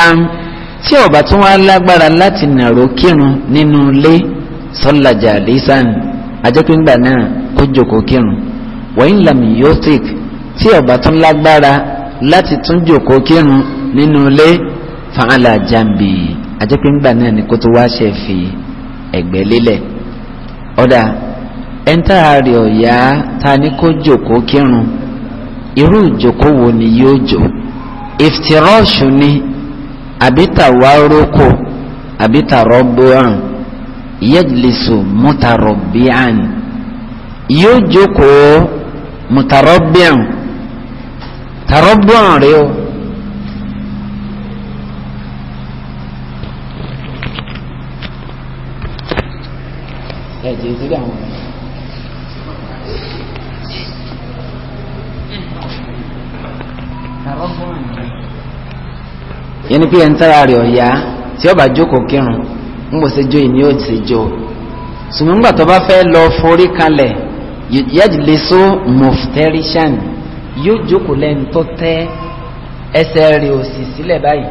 tí ó bá tún wá lágbára láti nàró kírun nínú ilé sọ́làjà lẹ́sàn ajẹ́píngbà náà kó jòkó kírun wàyínlẹ́m yóò tẹ́kẹ̀ tí ó bá lágbára láti tún jòkó kírun nínú ilé fàálà jambi àjẹpẹ́ ńgbà náà ni kó tó wá ṣe fi ẹ̀gbẹ́ lélẹ̀ ọ̀dà ẹ̀ńtà rẹ̀ ọ̀yá ta ni kó jókòó kírun irú ìjókòó wo ni yóò jò ìftirọ́ọ̀ṣù ni àbítà wá rókò àbítà rọ́bùrán yẹ́dìlísù mútarọ̀bíàn yóò jókòó mútarọ̀bíàn tarọ̀bùrán rẹ̀ o. ẹ̀jẹ̀ ìdílé àwọn ọ̀rẹ́. yẹn ni pé ẹ̀ ń tára rẹ̀ ọ̀yá tí ó bá jókòó kírun ń bò ṣe jó ìní ó ti ṣe jó ṣùgbọ́n nígbà tó bá fẹ́ lọ forí kalẹ̀ yajlisu muftarishan yóò jókòó lẹ́nu tó tẹ́ ẹsẹ̀ rẹ̀ òsì sílẹ̀ báyìí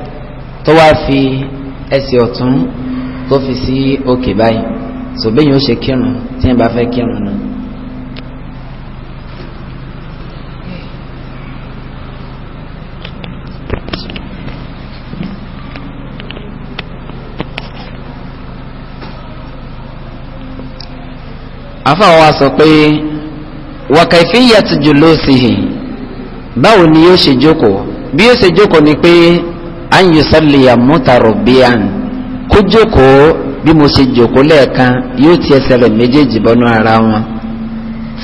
tó wá fi ẹsẹ̀ ọ̀tún tó fi sí òkè báyìí so bẹ́ẹ̀ yóò ṣe kírun tí yẹn bá fẹ́ kírun náà. afa wa sọ pé wa kayfiyatu julusihi báwo ni yóò ṣe jókòó bí yóò ṣe jókòó ni pé an yusalliya mutarabbiyan kó jókòó bí mo ṣe jòkó lẹ́ẹ̀kan yóò ti ẹsẹ̀ rẹ̀ méjèèjì bọ́nú ara wọn.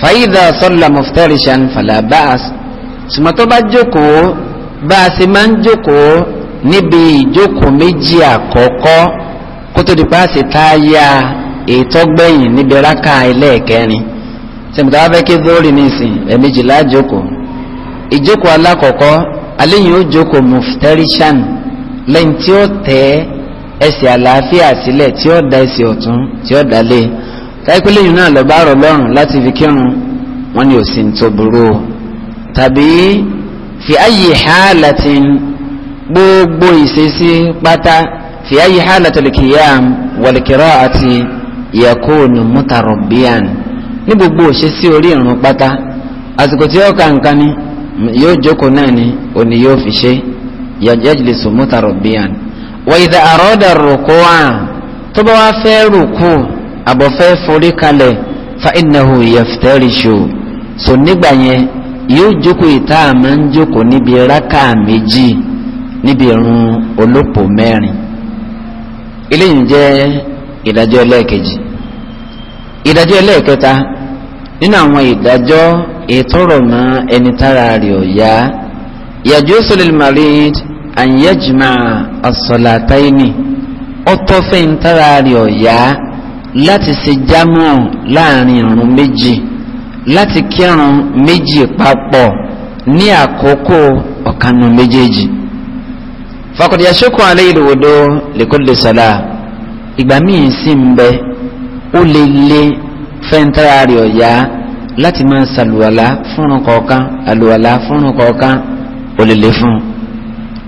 fàyídà sọ́là muftarishan fàlà báàs ṣùgbọ́n tó bá jókòó bá a ṣe máa ń jókòó níbi ìjókòó méjì àkọ́kọ́ kó tó di pa ṣe táyà ètò gbẹ̀yìn níbi rákà ẹlẹ́ẹ̀kẹrin sèmùtà wà fẹ́ kí dóòrì nísìn ẹ̀mejì lájókòó ìjókòó alákọ̀ọ́kọ́ aléyìn ó jókòó muftarishan lẹ́yìn tí ó tẹ́ ẹ́ ẹsẹ̀ àlàáfíà sílẹ̀ tí ó da ẹsẹ̀ ọ̀tún tí ó da lé káípẹ́lẹ́ yìí náà lọ bá rọ̀ lọ́rùn láti fi kírun wọn ni ò sì ń tó o tàbí fi ayyi halatin gbogbo ìṣesí pátá fi ayyi halatil qiyam wal qira'ati yakunu mutarabbiyan ní gbogbo òṣèṣì orí ìrun pátá àsìkò tí ó ka nǹkan ni yóò jókòó náà ni òní yóò fi ṣe yajlisu mutarabbiyan. wàyídà àrọ́dà rùkú à tó bá wá fẹ́ rùkú àbọ̀fẹ́ forí kalẹ̀ fa innahu yaftarishu so nígbà yẹn yóò jókòó ìta àmà ń jókòó níbi rákà méjì níbi ìrun olópò mẹ́rin eléyìí jẹ́ ìdájọ́ ẹlẹ́ẹ̀kejì ìdájọ́ ẹlẹ́ẹ̀kẹta nínú àwọn ìdájọ́ ètò ọ̀rọ̀ mọ́ ẹni tára rẹ̀ ànyẹ́jìmá àsọ̀làtàìní ọtọ́ fẹ́ntara rẹ̀ ọ̀yá láti ṣe jámọ́ láàrin ìrun méjì láti kírun méjì papọ̀ ní àkókò ọ̀kanu méjèèjì fakọ̀dé aṣọ́kọ̀ alẹ́ ìdòwòdó lẹ́kọ́lẹ́ sọ́lá ìgbà míì sì ń bẹ ó lè lé fẹ́ntara rẹ̀ ọ̀yá láti máa ṣàlùwàlá fúnrun kọ̀ọ̀kan àlùwàlá fúnrun kọ̀ọ̀kan ó lè lé fún un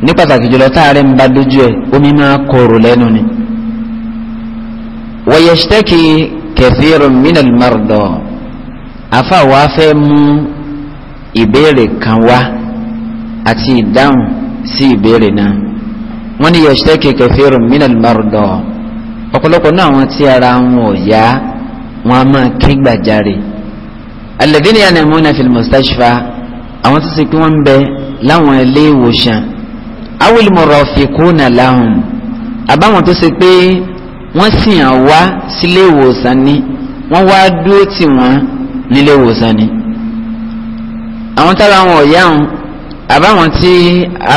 ní pàtàkì jùlọ táàrí ń bá dójú ẹ̀ omi máa kòrò lẹ́nu ni wọ́yẹ̀ṣtẹ́kì kathirun minal mardo afáwa fẹ́ mú ìbéèrè kan wá àti ìdáhùn sí ìbéèrè náà wọ́n ní yẹ̀ṣtẹ́kì kathirun minal mardo ọ̀pọ̀lọpọ̀ náà àwọn tí ara wọn ò yá wọn a máa ké gbàjarè alladhina yanamuna fil mustashfa àwọn tó sì pé wọ́n bẹ láwọn ilé ìwòsàn awil murafikuna lahum àbáwọn tó ṣe pé wọ́n sì hàn wá sílé ìwòsàn ni wọ́n wá dúró tì wọ́n nílé ìwòsàn ni àwọn tára wọn ò yá wọn àbáwọn tí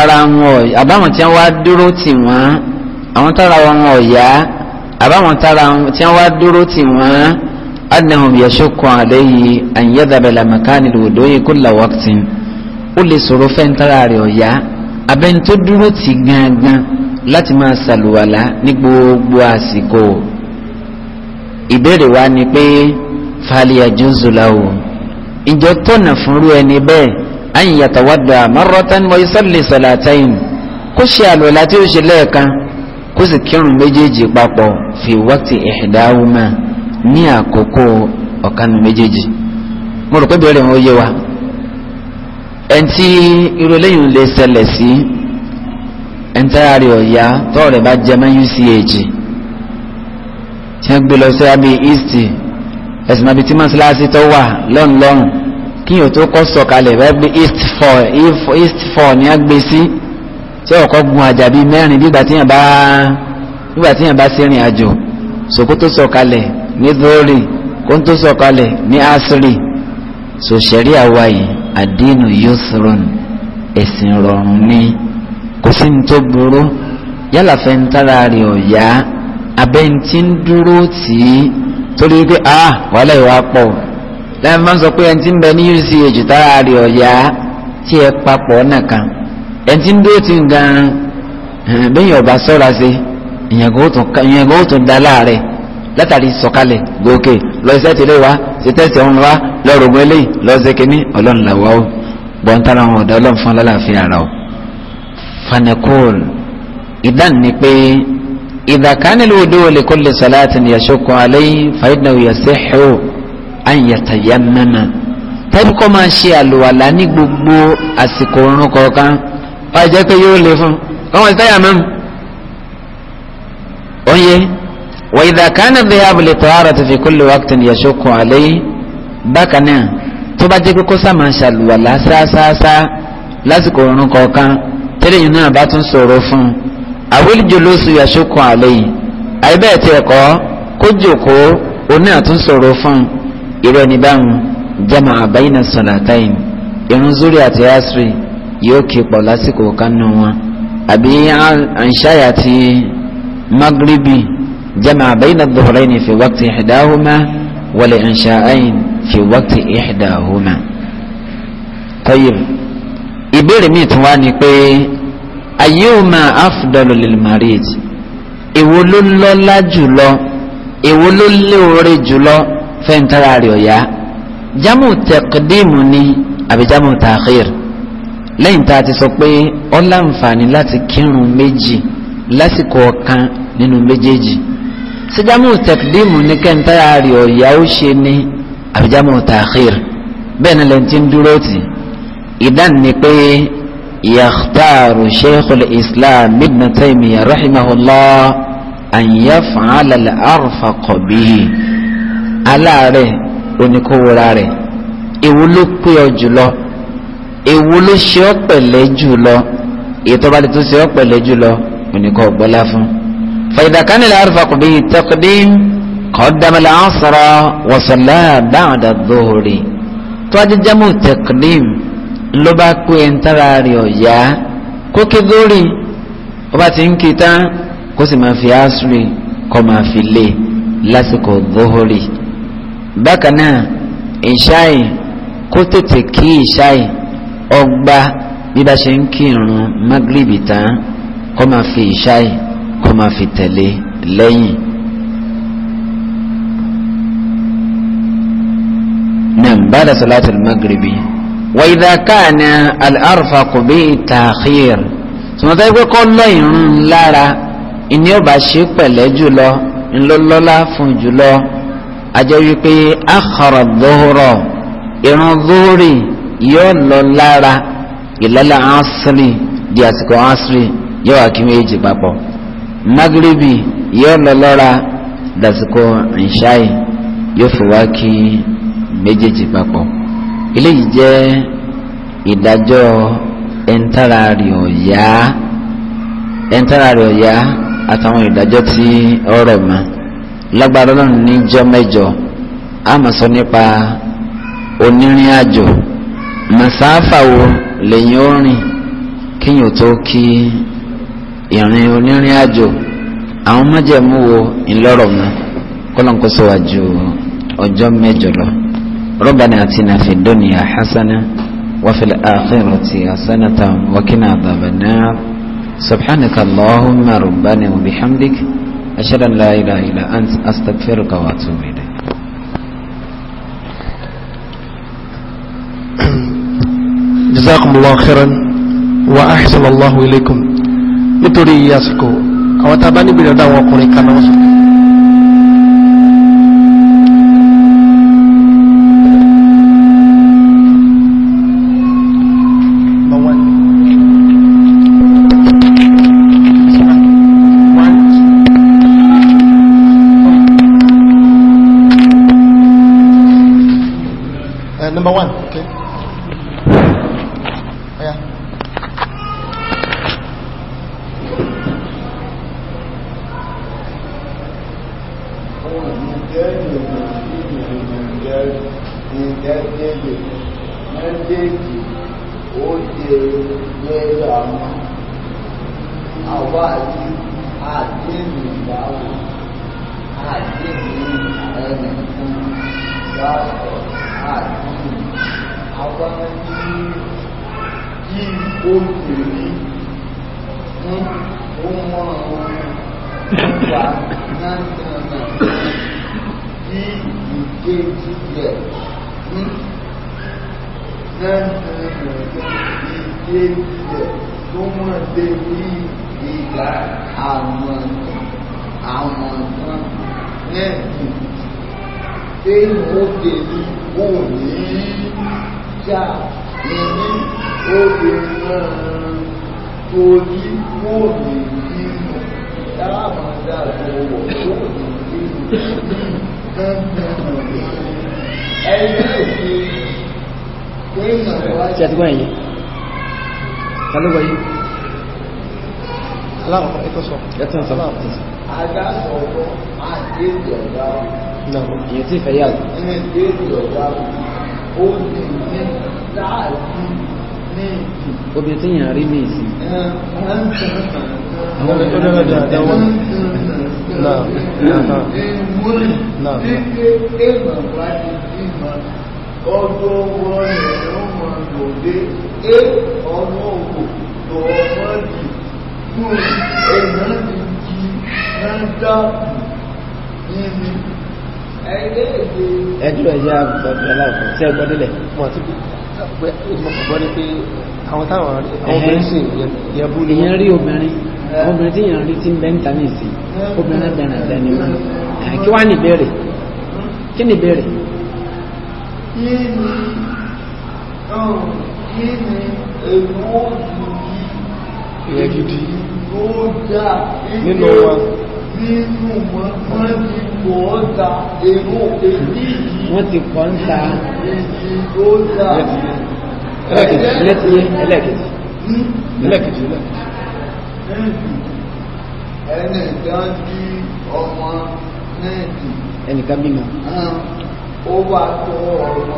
ara wọn àbáwọn tí wọ́n wá dúró tì wọ́n àwọn tára wọn ò yá tára tí wá dúró tì wọ́n annahum yashukku alayhi an yadhaba la makani alwudu'i kulla waqtin ó lè sọ̀rọ̀ fẹ́ntara rẹ̀ ọ̀yá abẹ́ni tó dúró tì gangan láti máa ṣàlùwàlá ní gbogbo àsìkò ìbéèrè wa ni pé fàlìyà jùzùláwò ìjọ tọ̀nà fúnrú ẹni bẹ́ẹ̀ àyìn yàtọ̀wádà marratan wa yusalli salatayn kó ṣe àlùwàlá tí ó ṣe lẹ́ẹ̀kan kó sì kírun méjèèjì papọ̀ fi wákìtì ihdahuma ní àkókò ọ̀kanu méjèèjì mo rò pé bẹ́ẹ̀ rẹ̀ wọ́n yé wa ẹ̀ntì ìrọ̀lẹ́yìn lè ṣẹlẹ̀ sí ẹ̀ntàrí ọ̀yá tọ́ọ̀rẹ̀ bá jẹ mọ́ uch tí gbé lọ sí abẹ́ east ẹ̀sìn àbí tí mọ́sálásí tó wà lọ́nlọ́n kí yóò tó kọ́ sọ̀kalẹ̀ bá gbé east four east four ní agbé sí tí ọ̀kọ́ gun àjàbí mẹ́rin bí gbàtíyàn bá nígbà tí yàn bá sí rìn àjò sòkótó sọ̀kalẹ̀ ní dóòrì kóńtó sọ̀kalẹ̀ ní asiri sòṣẹ̀rí àwa yìí àdínù yusrun ẹ̀sìn rọrùn ni kò sí ní tó burú yálà fẹ́ ń tára rẹ̀ ọ̀yá abẹ́ntí ń dúró tì í torí pé a wàhálà ìwà pọ̀ lẹ́yìn máa ń sọ pé ẹni tí ń bẹ ní uch tára rẹ̀ ọ̀yá tí ẹ papọ̀ nìkan ẹni tí ń dúró tì í gan-an bẹ́yìn ọba sọ́ra sí ìyẹn tó da láàrẹ̀ látàrí sọ̀kalẹ̀ gòkè lọ́sẹ̀ tìlẹ̀ wá ṣètẹ́sẹ̀ wọn wá lọ́rọ̀gbọ́n eléyìí lọ́sẹ̀ kínní ọlọ́run làwọ́ o bọ́ntara wọn ọ̀dọ́ ọlọ́run fún ọlọ́láàfin ara o. fanakol ìdáhùn ni pé ìdàkánilò odò olè kó lè sàlátì ní yasoko alẹ́ fàyínà òyàsẹ́hó àyàtàyàmẹ́mà tẹ́bí kọ́ máa ṣe àlùwàlà ní gbogbo àsìkò òórùn kọ̀ọ̀kan wọ́n jẹ́ pé yóò lè fún un kọ́ mẹ́mu. ó وإذا كان الذهاب للطهارة في كل وقت يشق عليه bákan náà tó bá jẹ́ pé kó sàmà ṣàlùwàlá ṣáṣáṣá lásìkò òórùn kọ̀ọ̀kan tẹ́lẹ̀yìn náà bá tún ṣòro fún un àwílì jòlóṣù yàṣókun àlẹ́yìn àìbẹ́ẹ̀ tí ẹ̀kọ́ kó jòkóó òun náà tún ṣòro fún un irú ẹni báwọn jama àbáyínà sọ̀làtàyìn irun zuri àti asiri yóò kí pọ̀ lásìkò kanú wọn àbí àǹṣáyà ti magribi جمع بين الظهرين في وقت إحداهما والإنشاءين في وقت إحداهما طيب ìbéèrè mi tún wá ni pé ayyuma afdalu lil marid èwo ló lọ́lá jùlọ èwo ló lóore jùlọ fẹ́ntara rẹ̀ ọ̀yá jámù tẹ̀kídìmù ni àbí jámù tàkhír lẹ́yìn tá a ti sọ pé ó láǹfààní láti kírun méjì lásìkò ọ̀kan nínú méjèèjì sẹjámù tẹkídìmù ní kẹntàrà rẹ ọ̀yà ó ṣe ní àbíjámù tàkìr bẹ́ẹ̀ ni lẹ́yìn tí ń dúró tì ìdán ni pé yàtàrù sheikhul islam ibn taymiyyah rahimahullah an yaf'ala al-arfaq bihi aláàárẹ̀ oníkówóra rẹ̀ èwo ló pé ọ jùlọ èwo ló ṣe ọ pẹ̀lẹ́ jùlọ ètò bá lè فإذا كان الأرفق به التقديم قدم العصر وصلى بعد الظهر تجم التقديم لباكو ينتظر يا كوكي ذوري وباتين كتا كوسي ما في عصري كما في لي لاسكو ظهري بكنا إشاي كوتتي كي إشاي أغبا بيباشين كيرو مغربي تا كما في إشاي kọ́ máa fi tẹ̀lé lẹ́yìn. nam bada salatu al-maghribi wa idha kana al-arfaqu bi ta'khir sọmọtà yìí pé kọ́ lọ ìrun lára ìní ọba ṣe pẹ̀lẹ́ jùlọ ńlọlọ́lá fún jùlọ àjọ wípé akhara dhuhra ìrun dhuhri yóò lọ lára ìlọ́lá asri di àsìkò asri yóò wá kí méjì papọ̀ magrebi yóò lọ lọ́ra dàsìkò ìṣáì yóò fi wá kí méjèèjì papọ̀ eléyìí jẹ́ ìdájọ́ ẹ̀ńtàrà rẹ̀ ọ̀yá ẹ̀ńtàrà rẹ̀ ọ̀yá àtàwọn ìdájọ́ tí ọ̀rọ̀ mọ́ lágbára ọlọ́run níjọ́ mẹ́jọ a máa sọ nípa onírìn àjò màsáfà wo lèyìn kíyàn tó kí. ìrìn onírìn àjò àwọn májẹ̀mú wo ńlọ́rọ̀ mọ́ kọ́lọ́nkó sọ́wájú ọjọ́ mẹ́jọ lọ rọ́bàdàn àti nàfi dóníyà hasana wàfẹ̀lẹ̀ àkẹ́rọ̀tì hasanata wàkínà àbàbànà subhanaka allahumma rabbana wa bihamdik ashhadu an la ilaha illa anta astaghfiruka wa atubu ilayk جزاكم الله wa وأحسن الله إليكم nítorí àsìkò àwọn tá a bá níbi ìrọ̀dá àwọn ọkùnrin kan náà ṣe àti gbọ́n ẹ̀yìn ṣàlúgbọ́ yìí aláwọ̀ ẹ̀kọ́ sọ ẹ̀tọ́ sọ ìyẹn tí ìfẹ́ yàtọ̀ obìnrin tí yàn rí ní ìsìn àwọn ọmọdé tó lọ́dọ̀ dáadáa wọ́n náà náà náà ọjọ́ wọn ẹ̀rọ máa lòdé é ọmọ òkò tó ọmọ dì fún ẹ̀nà ìjì náà dáàbò níbi ẹjọ́ ẹ̀yà gbọ́dọ̀ aláìsàn tí ẹ gbọ́dọ̀lẹ̀ wọ́n ti pé ìmọ̀kùnbọ́ ní pé àwọn táwọn obìnrin sí ìyẹ̀bú ni ìyẹn rí obìnrin obìnrin tí ìyẹn rí tí ń bẹ́ ń ta ní ìsìn obìnrin bẹ̀rẹ̀ bẹ̀rẹ̀ ni kí wá ní ìbéèrè kí ni ìbéèrè kí ni kí ni èmóòdù yìí èdìdì tó dá nínú wa nínú wọn ti pọ̀ ọ́ta èmó èdì wọ́n ti pọ̀ ń ta èdì tó dá ẹlẹ́kìtì ẹlẹ́kìtì ẹlẹ́kìtì ẹnìkan bí ọmọ ó wà tó ọ̀rọ̀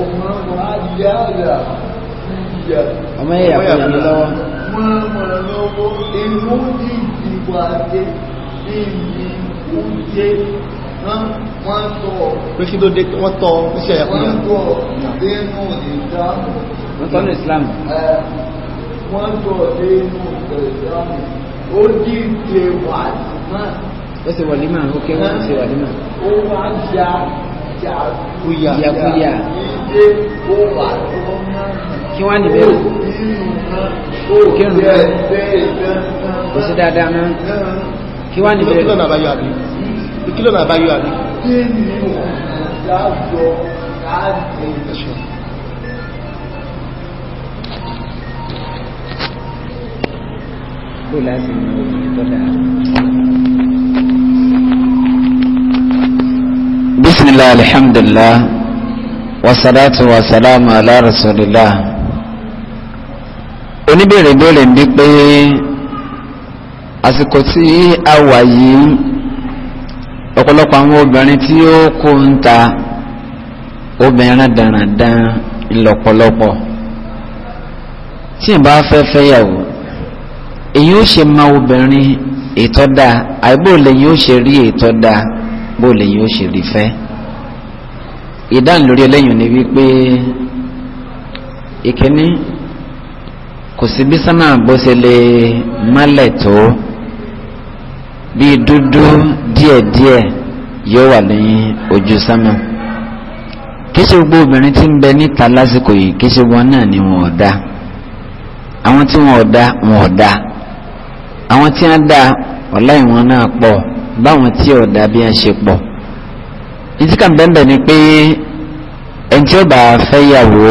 ọmọ wọn á yá àyà ìyà ọmọ ẹ̀yà fún ìyà lọ́wọ́ wọ́n mọ̀ lọ́wọ́ inú ìdìbò àti ìyí oúnjẹ wọ́n tọ́ pé kí ló dé wọ́n tọ́ iṣẹ́ ẹ̀yà fún ìyà wọ́n tọ́ nínú ní ìsìlámù ó dìde wà náà ó sì wà ó kéwọ́n ó sì wà ní màá ó wá ya ìyàkúyà kí wá níbẹ̀rù kírun kò sí dáadáa mọ́ kí wá níbẹ̀rù kí lọ́nà àbáyọ àbí Gracias. بسم الله الحمد لله والصلاة والسلام على رسول الله oníbèrè bèrè ń bí pé àsìkò tí a wà yìí ọ̀pọ̀lọpọ̀ àwọn obìnrin tí ó kó ń ta obìnrin dandan ìlọ̀pọ̀lọpọ̀ tí ì bá fẹ́ fẹ́yàwó èyí ó ṣe ma obìnrin ètò dáa àìbò lẹ́yìn ó ṣe rí ètò dáa bó lèyìn ó ṣe rí fẹ́ ni wípé ìkíní kò sí bí sánà bó ṣe lè málẹ̀ tó bí dúdú díẹ̀díẹ̀ yóò wà ní ojú sánà kí gbogbo obìnrin tí ń bẹ níta lásìkò yìí kí ṣe ni wọn ò àwọn tí wọn ò dá wọn ò báwọn tí ò dàbí ẹ ṣe pọ̀ ìtí kàmbẹ́ńbẹ́ ni pé ẹni tí ó bá fẹ́ yàwó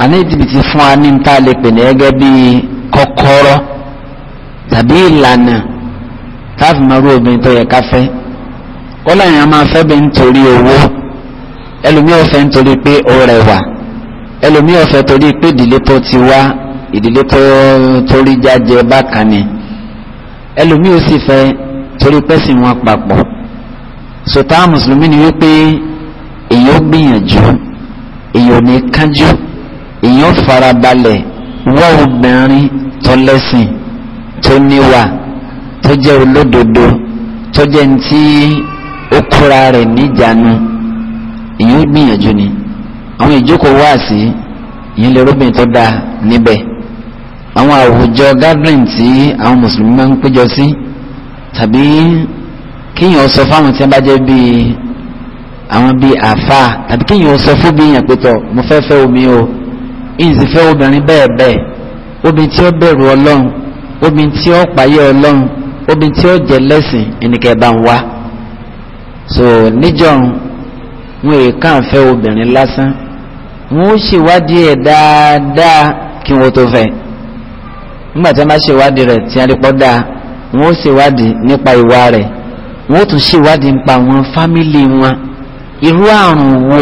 àní ìdìbìtì fún wa ní ta lè pè ní gẹ́gẹ́ bí kọ́kọ́rọ́ tàbí ìlànà táàfì mọ́rú obìnrin tó yẹ ká fẹ́ ó láyìn a máa fẹ́ bí nítorí owó ẹlòmíì ò nítorí pé ó rẹwà ẹlòmíì ò torí pé ìdílé tó ti wá ìdílé tó torí jáde bákan ni ẹlòmíì ò sì fẹ́ torí pẹ́sìn wọn papọ̀ sọ̀tá mùsùlùmí ni wípé èyí ó gbìyànjú èyí ò ní kánjú èyí ó farabalẹ̀ wá obìnrin tó lẹ́sìn tó níwà tó jẹ́ olódodo tó jẹ́ ní tí ó kóra rẹ̀ níjànú èyí ó gbìyànjú ni àwọn ìjókòó wáàsí yìí lè róbìn tó dáa níbẹ̀ àwọn àwùjọ gathering tí àwọn mùsùlùmí máa ń péjọ sí. Si, tàbí kéèyàn sọ fáwọn tí wọ́n bá jẹ́ bíi àwọn bíi àfa tàbí kéèyàn sọ fún bíi yàn pẹ̀tọ̀ mo fẹ́ fẹ́ omi o ìyìn sì obìnrin bẹ́ẹ̀ bẹ́ẹ̀ obìnrin tí ó bẹ̀rù ọlọ́run obìnrin tí ó pààyè ọlọ́run obìnrin tí ó jẹ lẹ́sìn ẹnìkẹ́ bá ń wá so níjọ́run wọn èyí kàn fẹ́ obìnrin lásán wọn ó ṣèwádìí ẹ̀ dáadáa kí wọn tó fẹ́ nígbà tí wọn bá ṣèwádìí rẹ̀ tí wọn rí pọ́ dáa wọ́n ó ṣèwádìí nípa ìwà rẹ̀ wọ́n ó tún ṣèwádìí nípa àwọn fámìlì wọn irú àrùn wo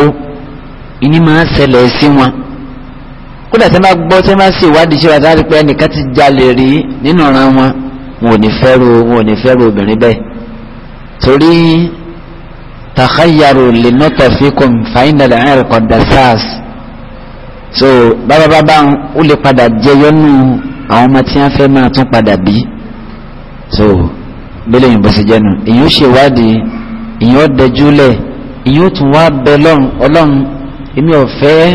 ìní máa ń ṣẹlẹ̀ sí wọn kódà tí wọ́n bá gbọ́ tí wọ́n bá ṣèwádìí ṣe wà tá a rí pé ẹnìkan ti jalè rí nínú ọ̀ràn wọn wọn ò ní fẹ́rù wọn ò ní fẹ́rù obìnrin bẹ́ẹ̀ torí takhayaru lè nọ́tọ̀ fi kùn fàyínà lẹ́yìn ẹ̀rọ̀kọ̀ dà sars so bábábábá ó lè padà jẹyọ nù àwọn ọmọ tí wọ́n fẹ́ máa tún padà bí so bẹ́lẹ̀ yìnbọn sí jẹ́nu èyàn ó ṣèwádìí èyàn ó dẹjúlẹ̀ èyàn ó tún wá bẹ lọ́run ọlọ́run èmi ò fẹ́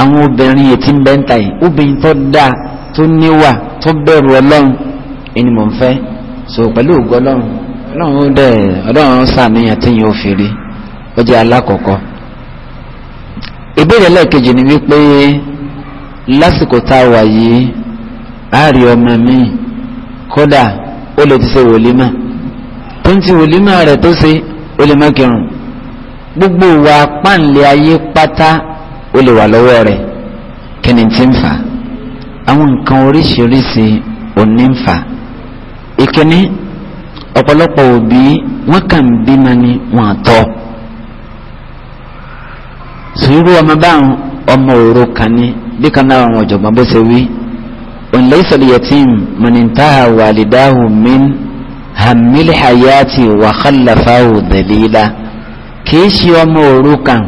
àwọn obìnrin ètí ń bẹ́ yìí obìnrin tó dáa tó níwà tó bẹ̀rù ọlọ́run ẹni mò ń fẹ́ so pẹ̀lú ògo ọlọ́run ọlọ́run ó dẹ̀ ọlọ́run sàníyàn tí yìí ó fi rí ó jẹ́ alákọ̀ọ́kọ́ ìbéèrè lẹ́ẹ̀kejì ni wípé lásìkò tá a wà yìí a rí ọmọ mi kódà ó lè ti ṣe wòlímà tó ń ti wòlímà rẹ̀ tó ṣe ó lè má kírun gbogbo wa páńlẹ̀ ayé pátá ó lè wà lọ́wọ́ rẹ̀ kí ni ti ń fà àwọn nǹkan oríṣiríṣi ò ní ń fà ìkíní ọ̀pọ̀lọpọ̀ òbí wọ́n kàn bímọ ni wọ́n àtọ́ sùúrù ọmọ báwọn ọmọ òru kan ní bí kan náà àwọn ọ̀jọ̀gbọ́n bó ṣe wí òun laysa liyatim man intaha walidahu min hamil hayati wa khallafahu dalila kìí ṣe ọmọ òrukàn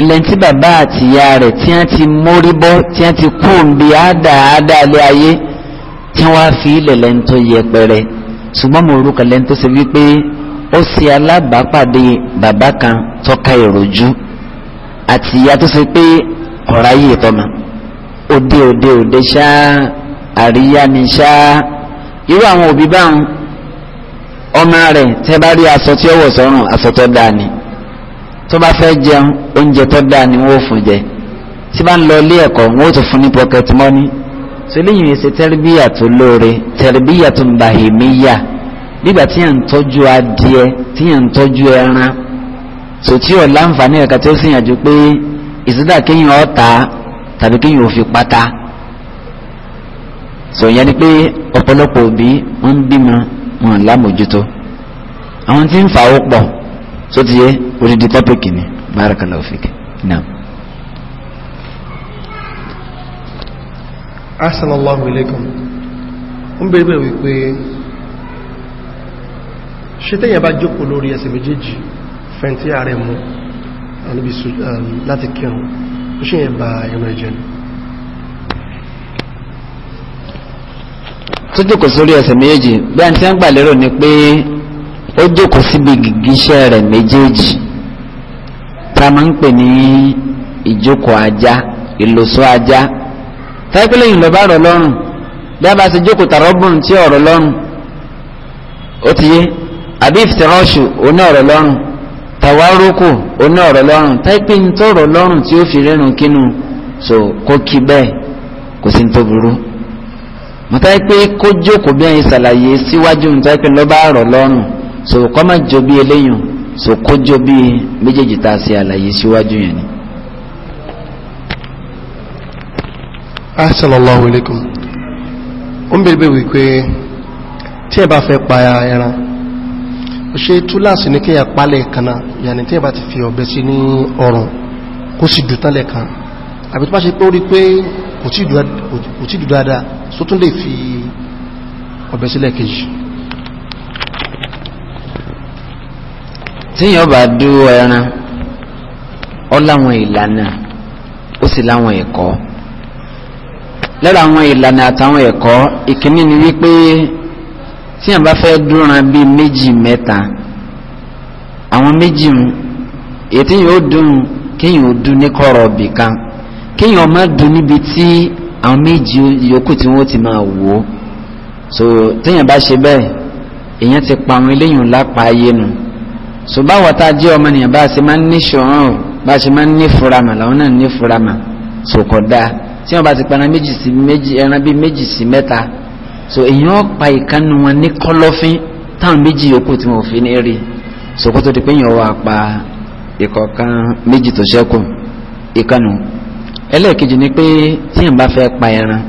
ilẹ̀ tí bàbá àti ìyá rẹ̀ tí wọ́n ti mórí bọ́ tí wọ́n ti kú òǹbi àádáadáa lé ayé tí wọ́n fi ilẹ̀ lẹ́nu tó yẹpẹrẹ ṣùgbọ́n ọmọ òrukàn lẹ́nu ó ṣe alábàápàdé bàbá kan tó ìròjú àti ìyá tó ṣe pé ọ̀ráyè tọ́mọ òde òde òde ṣáá àríyá ni ṣáá irú àwọn òbí báwọn ọmọ rẹ̀ tẹ́ bá rí aṣọ tí ó wọ̀ sọ́rùn aṣọ tó dáa ni tó bá fẹ́ jẹun oúnjẹ tó dáa ni wọ́n fún jẹ tí bá ń lọ ilé ẹ̀kọ́ wọ́n tún fún ní pocket money tó léyìn ẹsẹ̀ tẹ́rìbíyà tó lóore tẹ́rìbíyà tó ń bá èmíyà nígbà tí yàn ń tọ́jú adìẹ tí yàn ń tọ́jú ẹran tó tí ò láǹfààní ẹ̀ka tó sì yànjú pé ìsídà kéèyàn ọ̀tá tàbí kéèyàn ò pátá so yẹn ni pé ọ̀pọ̀lọpọ̀ òbí wọ́n ń bímọ wọn lámòjútó àwọn tí ń fa owó pọ̀ tó ti yẹ odidi tọ́pìkì ni barakallahu fik naam. asalaamu aleykum ń bèrè bèrè wípé ṣe tẹ́yìn bá jókòó lórí ẹsẹ̀ méjèèjì fẹ́ntì ààrẹ mu láti kírun ó ṣe yẹn ba ẹ̀jẹ̀ ni. tó jókòó sórí ẹsẹ̀ méjèèjì bí àǹtí wọn gbà lérò ni pé ó jókòó síbi gìgísẹ̀ rẹ̀ méjèèjì tá a máa ń pè ní ìjókòó ajá ìlòsó ajá táìpẹ́lẹ́ yìí lọ́ba rọ̀ lọ́rùn dábàá ti jókòó tààrọ́ bùn tí ọ̀rọ̀ lọ́rùn ó ti yé àbí ìfìtẹ́rọ́ṣù oní ọ̀rọ̀ lọ́rùn tàwárókù oní ọ̀rọ̀ lọ́rùn táìpẹ́ yìí tó ọ̀rọ̀ lọ́rùn tí ó fi rẹ́rùn kínú so kó kí bẹ́ẹ̀ kò sí ní tó burú mọ̀tá pé kó jókòó bí ẹyin ṣàlàyé síwájú mọ̀tá pé lọ́ba àrọ̀ lọ́rùn so kọ́ má jo bí eléyìn so kó jo bí méjèèjì tá a ṣe àlàyé síwájú yẹn ni. asalaamu alaykum ó ń bèrè bèrè wípé tí ẹ bá fẹ́ pa ẹran ó ṣe túláàsì ní kéèyàn palẹ̀ kanna yàní tí ẹ bá ti fi ọ̀bẹ sí ní ọrùn kó sì dùn tán lẹ̀ kan àbí tó bá ṣe pé ó rí pé kò tí dù dáadáa só tún lè fi ọ̀bẹ̀ sílẹ̀ kejì tíyàn bá dú ẹran ọ láwọn ìlànà ó sì láwọn ẹ̀kọ́ lára àwọn ìlànà àtàwọn ẹ̀kọ́ ìkíní ni wípé tíyàn bá fẹ́ dúnran bíi méjì mẹ́ta àwọn méjì ètí yóò dùn kéyìn ò dùn ní kọ̀rọ̀ bìkan kéèyàn má dùn níbi tí àwọn méjì yòókù tí wọ́n ti máa wò ó so téèyàn bá ṣe bẹ́ẹ̀ èèyàn ti pa àwọn eléyìí lápá ayé nu so báwo tá a jẹ́ ọmọnìyàn bá a ṣe máa ń ní ṣòro bá a ṣe máa ń ní furama làwọn náà ní furama so kò dáa tí wọ́n bá ti paná méjì sí méjì ẹran bíi méjì sí mẹ́ta so èèyàn pa ìkànnì wọn ní kọ̀lọ̀fín táwọn méjì yòókù tí wọ́n fi ní rí so kó tó di pé èèyàn wà pa ìkọ̀ọ̀kan méjì tó ṣẹ́kù ìkànnì ẹlẹ́ẹ̀kejì ni pé tí èèyàn bá fẹ́ pa ẹran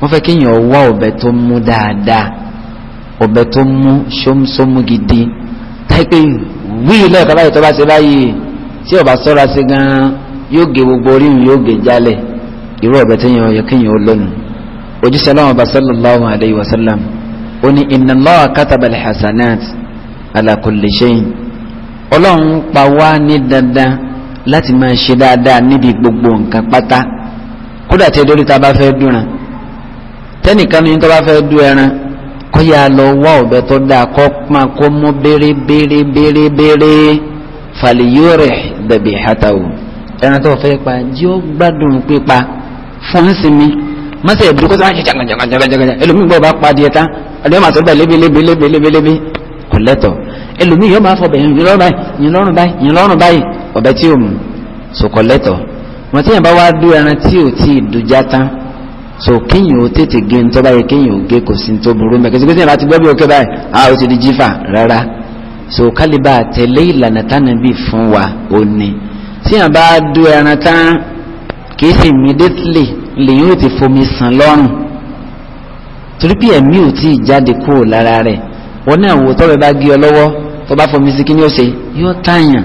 wọ́n fẹ́ kéèyàn wá ọ̀bẹ tó mú dáadáa ọ̀bẹ tó mú ṣómṣómú gidi táìpé wíì lẹ́ẹ̀kan báyìí tó bá ṣe báyìí tí ọba sọ́ra sí gan-an yóò gé gbogbo orí òun yóò gé jálẹ̀ irú ọ̀bẹ tó yàn ọ̀yọ́ kéèyàn ó lónìí ojúṣe aláwọ̀ ọba sallallahu alayhi wa sallam ó ní inna Allaha kataba hasanat ala ọlọ́run pa wá ní dandan láti máa ṣe dáadáa níbi gbogbo nǹkan pátá kódà tí ẹdọ́rí ta bá fẹ́ dúnra tẹ́nìkan ní tó bá fẹ́ dú ẹran kó yá lọ wá ọ̀bẹ tó dáa kó máa kó mú béèrè béèrè béèrè béèrè fàlìyórè dàbí hàtàwù ẹran tó fẹ́ pa jí ó gbádùn pípa fún ìsinmi mọ́sẹ̀ ìbúrú kó sáà ṣe jàgàjàgàjàgàjà ẹlòmíì gbọ́ bá pa díẹ̀ tá ẹlòmíì máa tó lébelébelébelébe kò lẹ́tọ̀ ẹlòmíì yóò máa fọ bẹ̀yìn lọ́rùn báyìí yìn lọ́rùn báyìí ọ̀bẹ tí ò mú sòkòlẹ́tọ̀ wọn tí yẹn bá wá dú ẹran tí ò tí dùjá tán so kéèyàn ó tètè gé ní tó bá yẹ kéèyàn ó gé kò sí ní burú mẹ kí sèpèsè yẹn bá ti gbọ́ bí òkè báyìí a ah, ó ti di jífà rárá so kálíbà tẹ̀lé ìlànà tánà bíi fún wa ó ní tí yẹn bá dú ẹran tán kìí sì immediately lèyìn ó ti fomi sàn lọ́rùn torí pé ẹ̀mí ò tí ì jáde kúrò lára rẹ̀ wọn náà wò tọ́wẹ́ bá gé ọ lọ́wọ́ tó bá fomi sí kí ni ó ṣe yóò tààyàn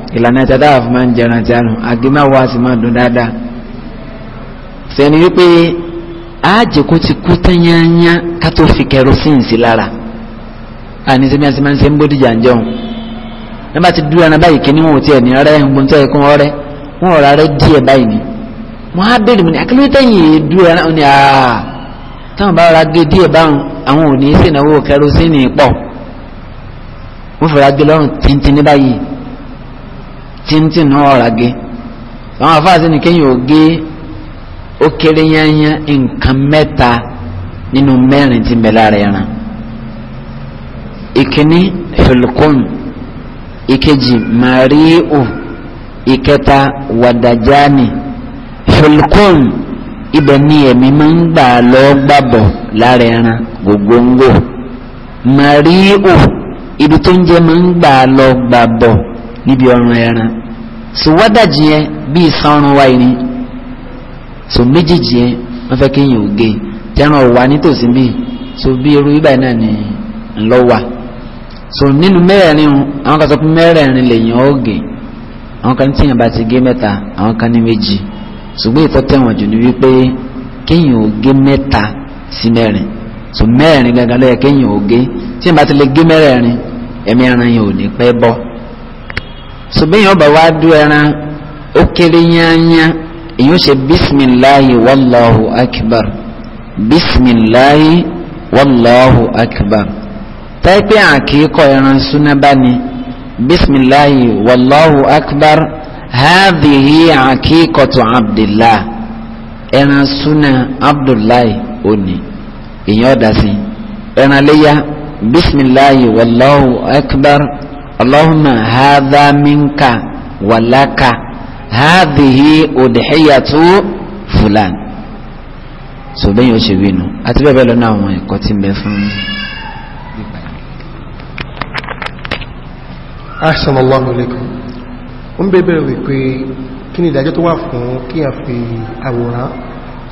ìlànà tí adáwà fún máa ń jẹran tí a nù àgbémáwò a sì máa dùn dáadáa sẹ́ni wípé àjẹkù ti kú tányányá ká tó fi kerosene sí lára àní sẹ́mi àti máa ń bódìjà ń jẹun nígbà tí dúró aná báyìí kí ni wọn ò tiẹ̀ ní rẹ́ ń gbọ́ntọ́ ẹ̀kún ọ̀rẹ́ wọn ò rárẹ́ díẹ̀ báyìí ni wọn á bèrè mi ní akíló tẹ̀yìn dúró aná ọ̀ ni àá táwọn bá rà gé díẹ̀ báwọn àwọn ò ní í sèǹdàwó kerosene pọ̀ wọ́n fẹ́ra gé lọ́rùn tíntín ní ọ̀rá gé àwọn afáàsì ni kéèyàn ò gé ó kéré yányán nǹkan mẹ́ta nínú mẹ́rin tí ń bẹ lára ẹran ìkíní hulukun ìkejì màríù ìkẹta wàdàjáni hulukun ibẹ̀ ni ẹ̀mí máa ń gbà lọ gbàbọ̀ lára ẹran gògóńgò màríù ibi tó ń jẹ́ máa ń gbà lọ gbàbọ̀ níbi ọrùn ẹran so wádàjì yẹn bíi sanrun wáyé ni so méjèèjì yẹn wọ́n fẹ́ kéèyàn ò gé tẹ́ran ọ̀wá nítòsí bíi so bí irú ibà náà ni ńlọ́wà so nínú mẹ́rẹ̀ẹ̀rin àwọn kan sọ pé mẹ́rẹ̀ẹ̀rin lèèyàn ó gé àwọn kan tíyàn bá ti gé mẹ́ta àwọn kan ní méjì ṣùgbọ́n ìtọ́ tẹ̀wọ̀n jù ni wípé kéèyàn ò gé sí mẹ́rin so mẹ́rin gangan ló yẹ kéèyàn ò tíyàn bá ti lè gé mẹ́rẹ̀ẹ̀rin ẹ̀mí ara yẹn ò ní pẹ́ bọ́ sùgbọ́n yóò bá wá dú ẹran ó kéré yányá èyí ó ṣe bisimilahi wàlláhu akbar bisimilahi wàlláhu akbar táìpẹ́ àkíkọ ẹran súná bá ní bisimilahi wàlláhu akbar hadhihi àkíkọ̀tù abdillah ẹran súná abdullahi òní èyí ó dá sí ẹran léyà bisimilahi wàlláhu akbar. Allahumma hadha minka walaka hadhihi udhiyatu fulan sọ̀bẹ́ yóò ṣe wínú àti bẹ́ẹ̀ bẹ́ẹ̀ lọ́nà àwọn ẹ̀kọ́ tí ń bẹ fún mi. Assalamu alaikum ó ń bẹ́ẹ̀ wípé kí ni ìdájọ́ tó wà fún kí a fi àwòrán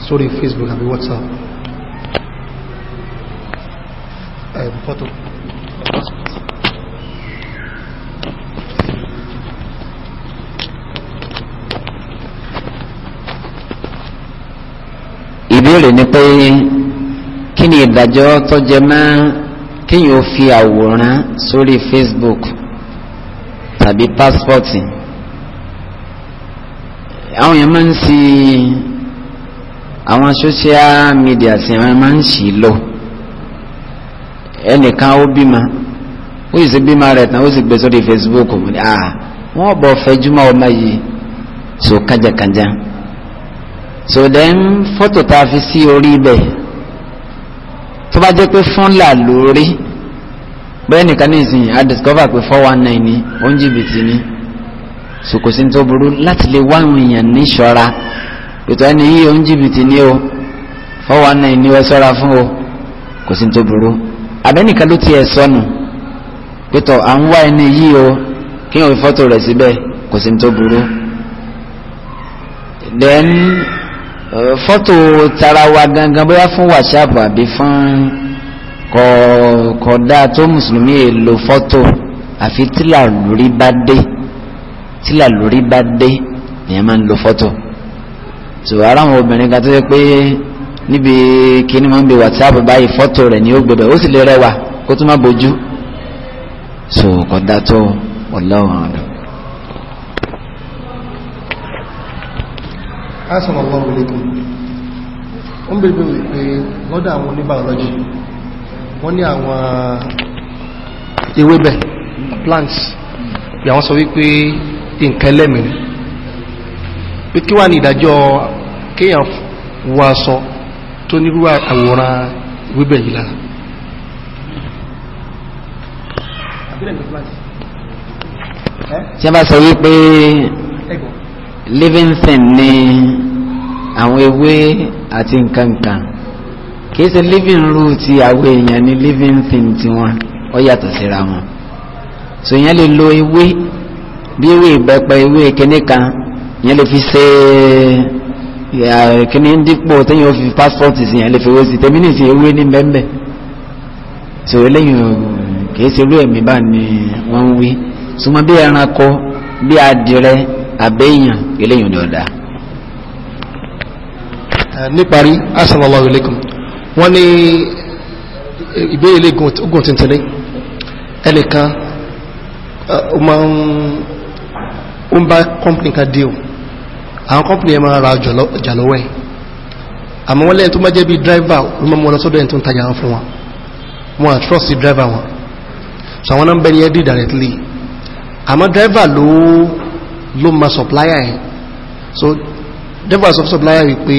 sórí Facebook àbí WhatsApp ẹ̀ fọ́tò béèrè ni pé kí ni ìdájọ́ tó jẹ mọ́ kéèyàn ó fi àwòrán sórí Facebook tàbí pásítọ̀tì àwọn èèyàn máa ń ṣì àwọn social media sì wọn máa ń ṣì lò ẹnìkan ó bímọ ó sì ṣe bímọ rẹ̀ tán ó sì gbé sórí Facebook ah, wọn bọ̀ fẹjúmọ́ ọmọ yìí so kájàkájà. So, so then fọ́tò tá a fi sí orí ibẹ̀ tó bá jẹ́ pé fúnlà lórí bẹ́ẹ̀ nìkan ní ìsìn a discover pé four one nine ni ó ń jìbìtì ni sòkòsí tó burú láti lè wá àwọn èèyàn ní ìṣọ́ra ètò ẹni yìí ó ń jìbìtì ni o four one nine ni wọ́n ṣọ́ra fún o kò sí tó burú abẹ́nìkan ló tiẹ̀ sọnù pétọ̀ à ń wá ẹni yìí o kí wọ́n fi fọ́tò rẹ̀ síbẹ̀ kò sí tó burú then Eh, fọ́tò tara wa gangan bóyá fún whatsapp àbí fún kọ̀ọ̀kọ̀dá tó mùsùlùmí èlò fọ́tò àfi tílà lórí bá dé tílà lórí bá dé èèyàn máa ń lo fọ́tò tó ara àwọn obìnrin kan tó yẹ pé níbi kíní máa ń bi whatsapp báyìí fọ́tò rẹ̀ ni ó gbẹ̀bẹ̀ ó sì lè rẹwà kó tó má bójú so kọ̀dá tó ọlọ́run àdó. asan allah olekun o n bèèrè wípé lọ́dọ̀ àwọn oníbàọ́lọ́jì wọ́n ní àwọn ewébẹ̀ plants bí àwọn sọ wípé nǹkan lẹ́mìí pé kí wà ní ìdájọ́ kéèyàn wọ aṣọ tó nírú àwòrán ewébẹ̀ yìí lára tí a bá sọ wípé living thing ni àwọn ewé àti nkankan kìí ṣe living root àwọn èèyàn ni living thing tiwọn ó yàtọ̀ síra wọn so yẹn lè lo ewé bí ewé ìbẹ́pẹ ewé kíní kan yẹn lè fi ṣe kíní dípò téyàn ó fi passport sí yẹn lè fi ewé sí tèmi ní ìfi ewé ní bẹ́ẹ̀bẹ́ẹ̀ so eléyìí kìí ṣe irú ẹ̀mí bá ni wọ́n ń wí súnmọ́ bí ẹranko bí adìrẹ abẹ́yàn eléyìn ni ọ̀dá níparí assalamu alaikum wọ́n ní ìbéèrè ogun tìntìnlẹ̀ ẹnìkan o ń bá kọ́mpìnì kan díò àwọn kọ́mpìnì ẹ máa ra jàlọ́wẹ́ àmọ́ wọ́n lẹ́yìn tó má jẹ́ bí dráìvà olùmọ́mọ́ lọ́sọ́dọ̀ ẹni tó ń tajà wọn fún wọn wọn àtrọ́sì dráìvà wọn so àwọn náà bẹ́ni ẹ́ dì directly àmọ́ dráìvà lóó ló ma supplier yẹn so never of supplier yìí pé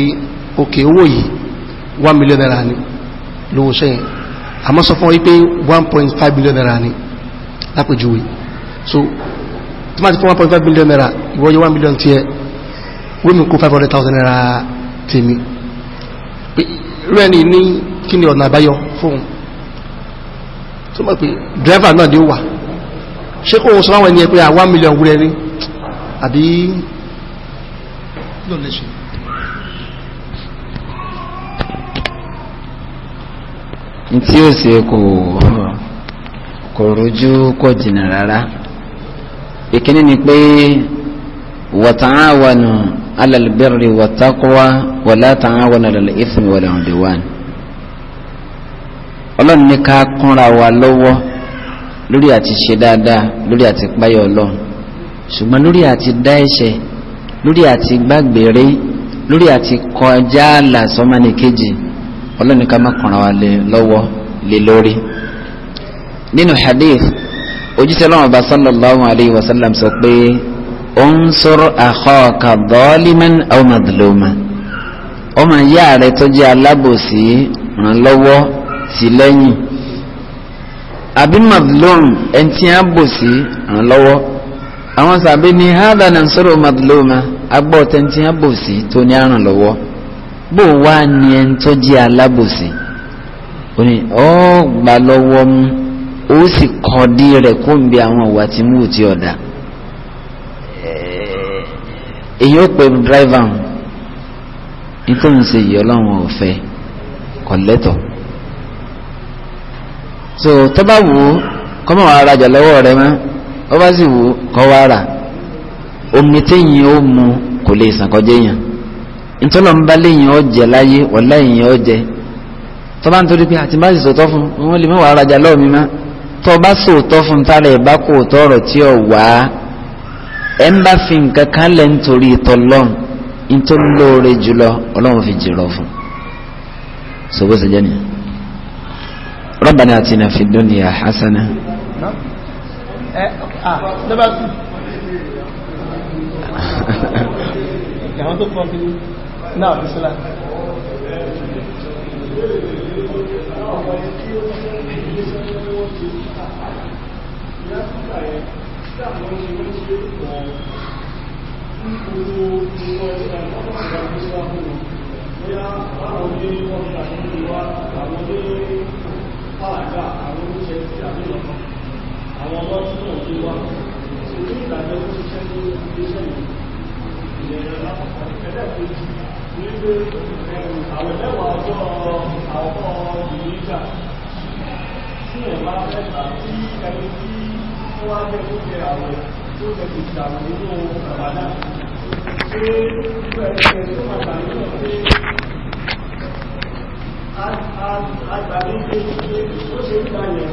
òkè owó yìí 1 million naira ni lówó ṣe yẹn àmọ́ sọ fún ọ wípé 1.5 million naira ni lápèjúwe so tí máa ti fún 1.5 million naira ìwọ yọ 1 million tiẹ̀ wími kó 500,000 naira tèmi rẹ̀ ni ní kí ni ọ̀nà àbáyọ fún tó mọ̀ pé driver náà ni ó wà ṣé kó o sọ láwọn ẹni ẹ pé 1 million wúrẹ́ ni àbí ló lè ṣe tí ó ṣe kò kò rojú kò jìnnà rárá ìkíní ni pé wàtàáwọnù alàlùbẹ́rẹ̀ wàtàkùwà wàlátàáwọnù alàlùfẹ́mi wàlàǹdẹ̀wàn ọlọ́run ní ká kúnra wa lọ́wọ́ lórí àti ṣe dáadáa lórí àti páyọ̀ ọlọ́run ṣùgbọ́n lórí àti dá ẹ̀ṣẹ̀ lórí àti gbàgbére lórí àti kọjá àlà sọ́mánì kejì ọlọ́ni ká má kàn wá lé lọ́wọ́ lé lórí. nínú hadith ojúṣe lọ́wọ́ bá sallallahu alayhi wa sallam sọ pé unsur akhaka zaliman aw madluma ọmọ ìyá rẹ tó jẹ́ alábòsí ràn lọ́wọ́ tì lẹ́yìn àbí madlum ẹni tí a bòsí ràn lọ́wọ́ àwọn sàbí ni hada nansuru madluma agbọ́tẹ̀ntì abòsí tó ní àrùn lọ́wọ́ bó lọwọ ní ẹni tó jẹ́ alábòsí ó ní ọ́ gbà lọ́wọ́ mú ó sì kọ́dí rẹ̀ kó àwọn ìwà tí mú ti ọ̀dà èyí ó driver nítorí ọlọ́run ọ̀fẹ́ kọ̀lẹ́tọ̀ so kọ́mọ̀ lọ́wọ́ rẹ mọ́. ó bá sì wù kọ́ wá rà omi téèyàn ó mu kò lè sàn kọjá èèyàn ntọ́lọ̀ ń bá léèyàn ó jẹ láyé wọ́lá èèyàn ó jẹ tọ́ba ń torí pé àti bá sì sòótọ́ fún wọn lè má wàá rajà lọ́ọ̀mí má tọ́ba sòótọ́ fún tára ẹ̀ bá kò tọ́ ọ̀rọ̀ tí ò wá ẹ̀ ń bá fi nǹkan kan lẹ̀ nítorí ìtọ́lọ́n nítorí lóore jùlọ ọlọ́run fi jìrọ̀ fún sọ bó ṣe jẹ́ nìyẹn. ربنا اتنا في الدنيا حسنه lọ́bá eh, ah, àwọn tó pọ̀ kìí náà bí sílá Àwọn ilé-ìwọ̀n ìgbàlódé wá àwọn ilé-ìwọ̀n àwọn oúnjẹ tí àmì lọ́pàá àwọn ọmọ tí wọ́n ti wá ìṣòro ìdájọ́ tó ṣiṣẹ́ ní iléeṣẹ́ yìí ìlera lápapọ̀ ẹ̀dá kejì wípé àwọn ẹlẹ́wà ọjọ́ àwọn ìlíjà tí ẹ̀ bá ẹ̀ta tí ẹni tí ó wá jẹ́ tó jẹ àwẹ̀ tó jẹ ti dàrú nínú ràbádà pé nígbà ẹ̀ṣẹ̀ tó máa dà nínú pé agbàlejò pé ó ṣe ń gbà yẹn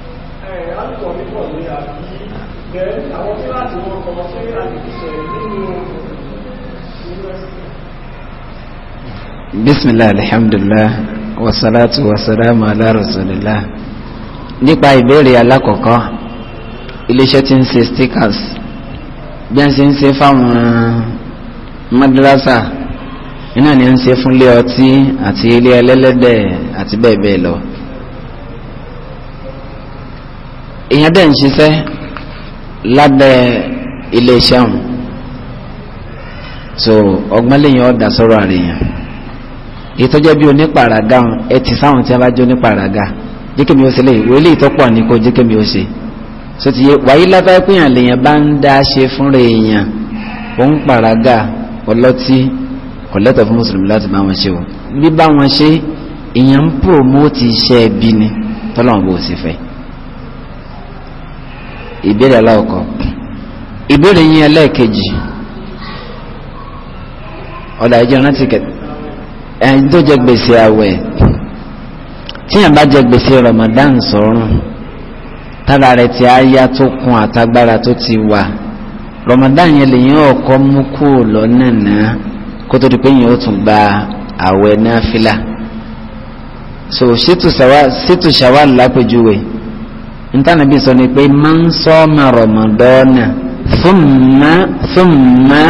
láti ọ̀rí pọ̀ ní àbí jẹ́ àwọn tí láti ala rasulillah nípa ìbéèrè alákọ̀ọ́kọ́ iléeṣẹ́ tí ń ṣe stickers bí a ṣe ń ṣe fáwọn madrasa iná ni a ń ṣe fún ilé ọtí àti ilé ẹlẹ́lẹ́dẹ̀ àti bẹ́ẹ̀ bẹ́ẹ̀ lọ èèyàn dẹ̀ ń ṣiṣẹ́ lábẹ́ iléeṣẹ́ ọ̀hún so ọgbọ́n lèyìn ọ̀dà sọ̀rọ̀ àríyàn ìtọ́jẹ́ bí onípàràgà ẹ ti sáwọn tí a bá jẹ́ onípàràgà jíkẹ́ mi ó ṣe lè wọ́n ilé ìtọ́pọ̀ ní kó jíkẹ́ mi ó ṣe so ti yé wáyé lábẹ́ pínyàn lèyàn bá ń dá ṣe fúnra èèyàn ó ń ọlọ́tí kò fún mùsùlùmí láti bá wọn ṣe o bí bá wọn ṣe èèyàn ń pòmóòtì iṣẹ́ ẹbí ni tọ́lọ́wọ́n ìbéèrè aláwọ̀kọ́ ìbéèrè yín ẹlẹ́ẹ̀kejì ọ̀dà ìjọ rántí kẹ ẹni tó jẹ gbèsè àwẹ̀ tíyàn bá jẹ gbèsè Ramadan sọ̀rùn tára rẹ̀ ti á yá tó kun àtagbára tó ti wà Ramadan yẹn lèyìn ọkọ mú kú lọ́nà náà kó tó di pé yẹn ó tún gba àwẹ̀ náà fìlà so ṣètò ṣàwà lápèjúwe. So, nítorí bí sọ ni pé máa ń sọ ọmọ rọmọdọ́nà thumma thumma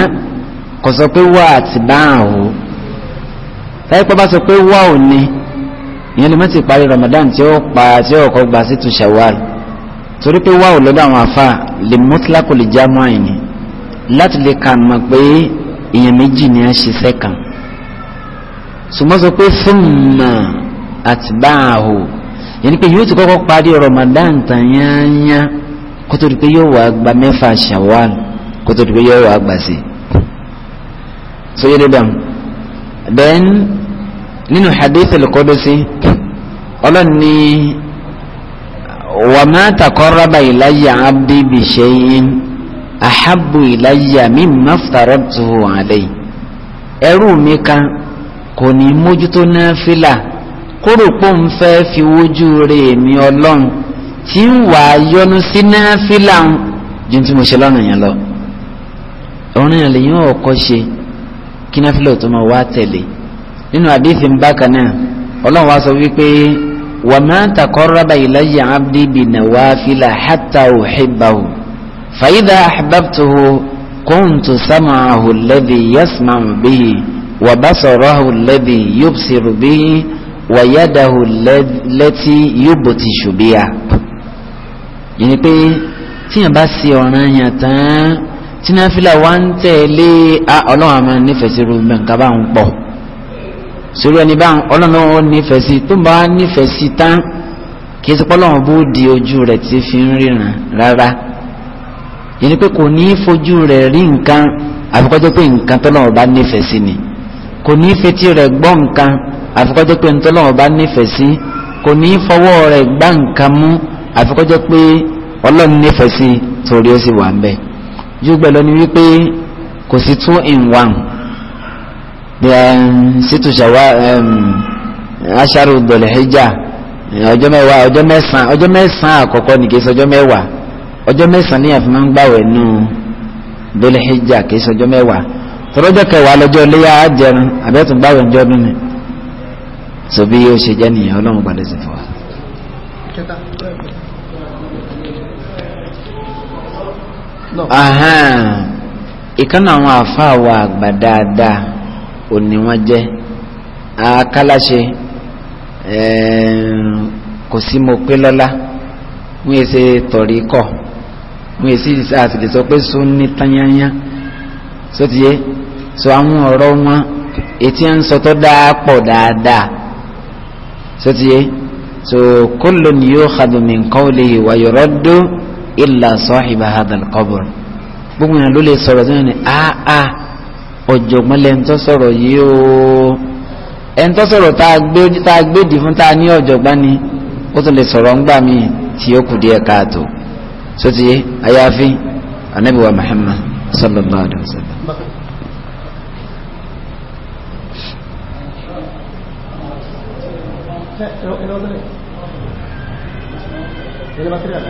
kò sọ pé wà àti bá àwò táyé pọ́ bá sọ pé wà ò ní ìyẹn lè má ti parí Ramadan tí ó pa tí ó kọ́ gba sí tu Shawwal torí pé wà ò lọ́dọ̀ àwọn afa lè mọ́tílákò lè já mọ́ àyìn láti lè kà mọ̀ pé èèyàn méjì ni a ṣiṣẹ́ kan sùmọ́ pé thumma àti bá yẹn ni pé yóò ti kọ́kọ́ parí Ramadan tán yányá kó tó di pé yóò wá gba mẹ́fà Shawwal kó di pé yóò wá gbà sí so yé débà then nínú hadith al-Qudsi ọlọ́ni wa ma taqarraba ilayya abdi bi shay'in ahabbu ilayya mimma aftaratuhu alayhi ẹrú mi kan kò ní mójútó náà fìlà kóró pò ń fẹ́ fi wojú rẹ̀ mi ọlọ́run tí ń wà á yọnu sí náfìlà ń ju tí mo ṣe lọ́nà yẹn lọ. ọ̀run yẹn lèyìn ọ̀kọ́ ṣe kí náfìlà tó máa wá tẹ̀lé nínú àdéhìí ń bákan náà ọlọ́run wá sọ wípé wa ma taqarraba ilayya abdi bi nawafila hatta uhibbahu fa idha ahbabtuhu kuntu sam'ahu alladhi yasma'u bihi wa basarahu alladhi yubsiru bihi wàyádàhù lẹ́tí yóò bò ti ṣùgbéyà yìí pé tíyàn bá sí ọ̀ràn yàn tán tí náfìlà wá ń tẹ̀lé ọlọ́run àmọ́ nífẹ̀ẹ́ sí rúbẹ̀ nǹkan bá ń pọ̀ sórí ẹni bá ọlọ́run ó nífẹ̀ẹ́ sí tó bá nífẹ̀ẹ́ sí tán kì í sọ pọ́lọ́run bó di ojú rẹ̀ tí fi ń ríran rárá yìí pé kò ní fojú rẹ̀ rí nǹkan àfikọ́jọ́ pé nǹkan tọ́lọ́run bá nífẹ̀ẹ́ sí ni kò ní fetí rẹ̀ gbọ́ nǹkan àfikọ́jọ́ pé ntọ́lọ́wọ́ bá nífẹ̀ẹ́ sí kò ní fọwọ́ rẹ̀ gbá nǹkan mú àfikọ́jọ́ pé ọlọ́run nífẹ̀ẹ́ sí torí ó sì wà ń bẹ̀. júgbẹ́ ni wípé kò sí two in one sítúṣàwá aṣááru dọ̀lẹ́hẹ́jà ọjọ́ mẹ́wàá ọjọ́ mẹ́sàn-án ọjọ́ mẹ́sàn-án àkọ́kọ́ ni kìí sọjọ́ mẹ́wàá ọjọ́ mẹ́sàn-án níyàfẹ́ máa ń gbàwẹ̀ nù dọ̀lẹ́hẹ́jà kìí sọjọ́ mẹ́wàá tọ́lọ́jọ́ kẹwàá lọ́jọ́ léyà á jẹun àbẹ́tún gbáwẹ̀ ǹjọ́ dún ni so bí yóò ṣe jẹ́ nìyẹn ọlọ́run padà sí fún wa. ìkànnì àwọn àfáà wa àgbà dáadáa ò ní wọ́n jẹ́ àkàlàṣe kò sí mo pé lọ́lá wọ́n yẹ ṣe tọ̀rí kọ̀ wọ́n yẹ sí àtìlẹ́sọ pé sún ní tányányá sótìyé. So so àwọn ọ̀rọ̀ wọn etí ń sọ tó dáa pọ̀ dáadáa so ti yé so kullun yukhadhu min qawlihi wa yuraddu illa sahiba hadhal qabr gbogbo yẹn ló lè sọ̀rọ̀ tó yẹn ni aa ọ̀jọ̀gbọ́n lẹ́nu tó sọ̀rọ̀ yìí o ẹni tó sọ̀rọ̀ tá a gbédì fún tá a ní ọ̀jọ̀gbọ́n ni ó tún lè sọ̀rọ̀ ńgbà míì tí ó kù díẹ̀ káàtó so ti yé anabiwa Muhammad sallallahu alaihi wa sallam. لا الوضع ليه jadi material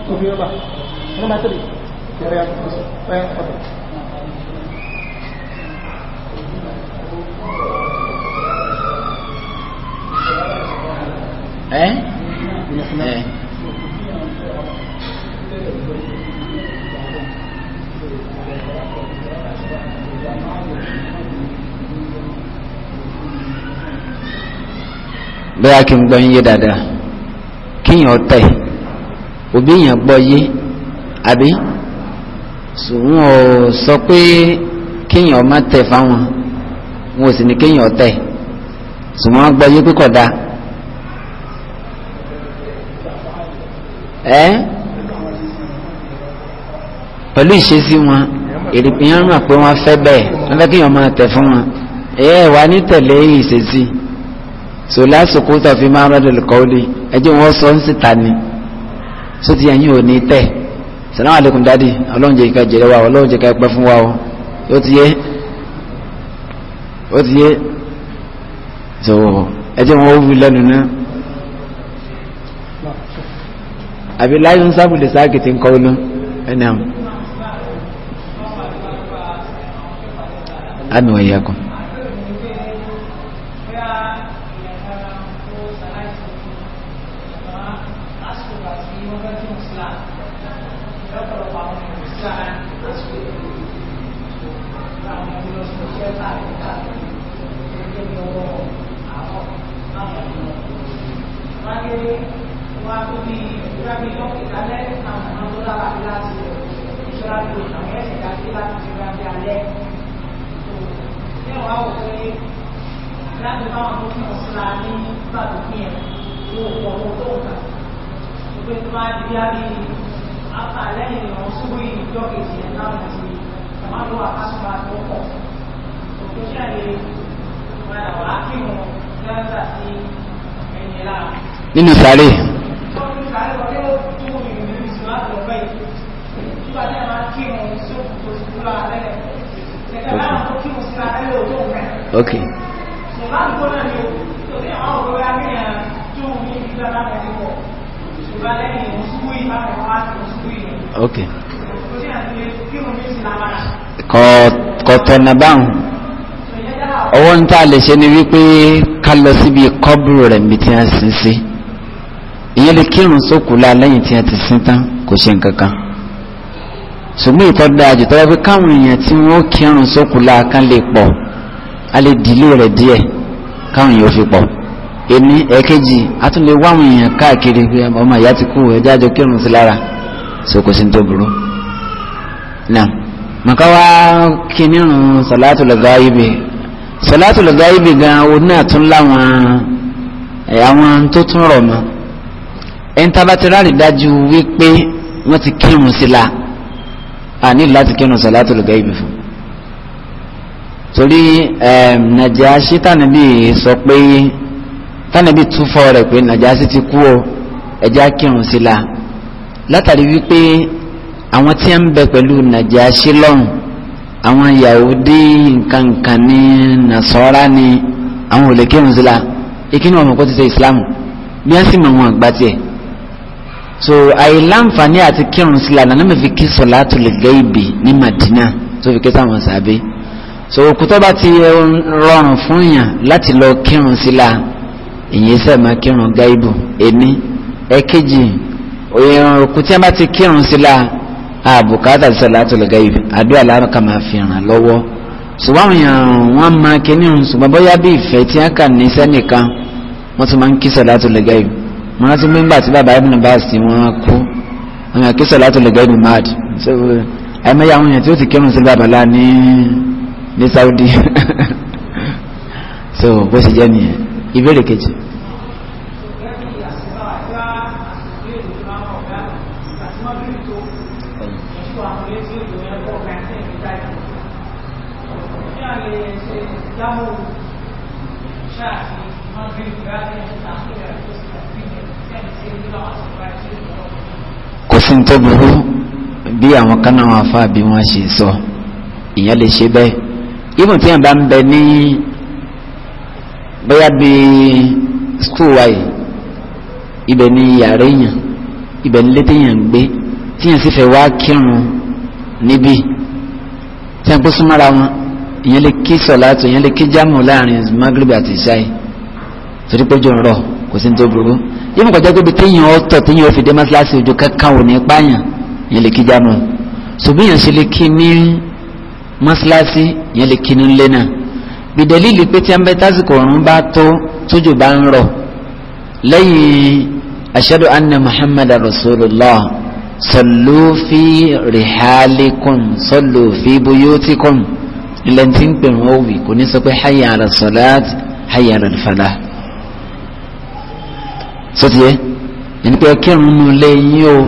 itu dia lah ini materi dari yang yang apa Eh? Eh. bẹ́ẹ̀ kí n gbọ́ yín yé dáadáa kíyàn tẹ̀ òbí yàn gbọ́ yé àbí sùn ò sọ pé kíyàn má tẹ̀ fáwọn wọn ò sì ní kíyàn tẹ̀ sùn wọn gbọ́ yé pípọ̀ dá ẹ́ pẹ̀lú ìṣesí wọn èrìpìyàn mọ̀ pé wọ́n fẹ́ bẹ́ẹ̀ wọ́n fẹ́ kíyàn máa tẹ̀ fún wọn ẹ̀ẹ́ wà ní tẹ̀lé ìṣesí so lásìkò tàfi máa rọ́dọ̀ lùkọ́ọ́lì ẹjẹ́ wọn sọ ń síta ni so ti yẹn yìí ò ní tẹ̀ sàlámù alaykum dadi ọlọ́run jẹ́ ká jẹ̀rẹ̀ wa ọlọ́run jẹ́ ká pẹ́ fún wa o ó ti yé ó ti yé so ẹjẹ́ wọn ó wí lẹ́nu náà àbí láyé ń sábùlẹ̀ sáàkì ti ń kọ́ ọ́nà ẹni lórí ìjọ ok. okay. okay kọ̀tọ̀nà báhùn ọwọ́ ń tàà lè ṣe ni wípé ká lọ síbi kọ́bùrù rẹ̀ mi tí a sin sí ìyẹn lè kírun sókù láà lẹ́yìn tí a ti sin tán kò ṣe nǹkankan ṣùgbọ́n ìtọ́dá àjò tọ́wọ́ pé káwọn èèyàn tí wọ́n kírun sókù láà kan lè pọ̀ a lè dìlé rẹ̀ díẹ̀ káwọn èèyàn fi pọ̀ èmi ẹ̀ẹ́kejì a tún lè wáwọn èèyàn káàkiri pé ọmọ ìyá ti kú ẹjá àjọ kírun sí lára so tó burú náà màkà wá kìnnìún sọ̀látù lọ́gá ibè sọ̀látù lọ́gá ibè gan òun náà tún láwọn àwọn tó tún rọ̀ mọ́ ẹni tá a bá ti rárí dájú e wípé wọ́n ti kírun sí la àní láti kírun sọ̀látù lọ́gá ibè fún torí Nàjáṣì tànàbí sọ pé tànàbí túfọ́ rẹ̀ pé Nàjáṣì ti kú ọ ẹja kírun sí la látàrí wípé àwọn tí ń bẹ pẹ̀lú nàjàṣí lọ́hùn àwọn yahudi nkankan ní nasọ́ra ní àwọn ò lè ìkíni wọn kò ti ṣe islam bí wọ́n sì mọ̀ wọn àgbà tiẹ̀ so àìláǹfààní àti kírun sí la nànà mi fi kí solatul gaibi ní madina tó fi kí sáwọn sàbẹ̀ so òkútọ́ bá ti rọrùn fún yàn láti lọ kírun sí la ìyẹn sẹ́ẹ̀mà kírun gaibu ẹni ẹ̀kejì òkú bá ti kírun sí àbùkátà salatul ghaib àdúrà láwọn kà máa fi ràn lọ́wọ́ ṣùgbọ́n àwọn èèyàn wọ́n máa kíní ọ̀hún ṣùgbọ́n bóyá bí ìfẹ́ tí a kà ní sẹ́nìkan wọ́n tún máa ń kí salatul ghaib mo rántí mẹ́mbà tí bàbá ibùdó bá sì wọ́n kú wọ́n yàn kí salatul ghaib mad ẹ̀mẹ́yà àwọn èèyàn tí ó ti kírun sí bàbá lá ní ní Saudi so bó ṣe jẹ́ nìyẹn ìbéèrè kejì. sí tó burú bí àwọn kanáà wọn afá bí wọ́n ṣe sọ ìyẹn lè ṣe bẹ́ẹ̀ ibùn tí yẹn bá ń bẹ ní bóyá bí skul wa yìí ibẹ̀ ni yàrá èèyàn ibẹ̀ ni létí èèyàn ń gbé tí yẹn sì fẹ́ wá kírun níbí tí yẹn kó súnmọ́ra wọn ìyẹn lè kí sọ̀láàtò ìyẹn lè kí jámù láàrin magrib àti ìṣáì torí pé jò ń rọ̀ kò sí ní tó burú yíyún kọjá pé téèyàn ọ̀tọ̀ téèyàn ó fi dé mọ́sálásí ojú kankan wò ní pààyàn yẹn lè kí jámọ́ ṣùgbọ́n yẹn ṣe lè kí ní mọ́sálásí yẹn lè kí ní ilé náà bìdẹ́lílì pé tí ambẹ́ tásìkò ọ̀run bá tó tójú bá ń rọ̀ lẹ́yìn ashadu anna muhammadu rasulullah sallu fi rihalikum sallu fi buyutikum ilẹ̀ tí ń pè wọ́n wì kò ní sọ pé hayya ala salat hayya sotie ẹni pé kírun nù lé yín o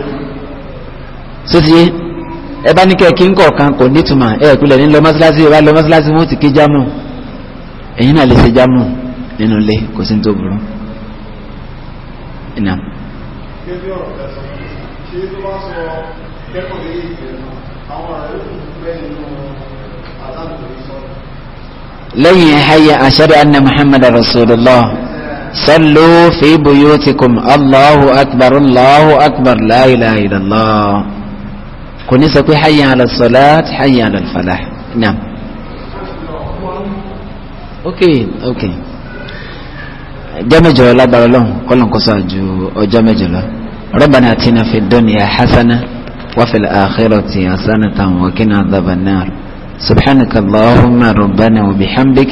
sotie ẹ bá ní kẹ́kí ńkọ̀ọ̀kan kò nítumọ̀ ẹ ìpìlẹ̀ ní lọ mọ́sálásí ẹ bá lọ mọ́sálásí wọn ti ké jámù ẹ̀yin náà lè ṣe jámù nínú ilé kò sí ní tó burú. ìnà. kébí ọ̀rọ̀ kẹsàn anna muhammadar rasulullah صلوا في بيوتكم الله أكبر الله أكبر لا إله إلا الله كوني سكوي حي على الصلاة حي على الفلاح نعم أوكي أوكي ọjọ́ mẹ́jọ lágbára ọlọ́run kọ́lọ́n kó sọ ju ọjọ́ mẹ́jọ lọ ربنا آتنا في الدنيا حسنة وفي الآخرة حسنة وقنا عذاب النار سبحانك اللهم ربنا وبحمدك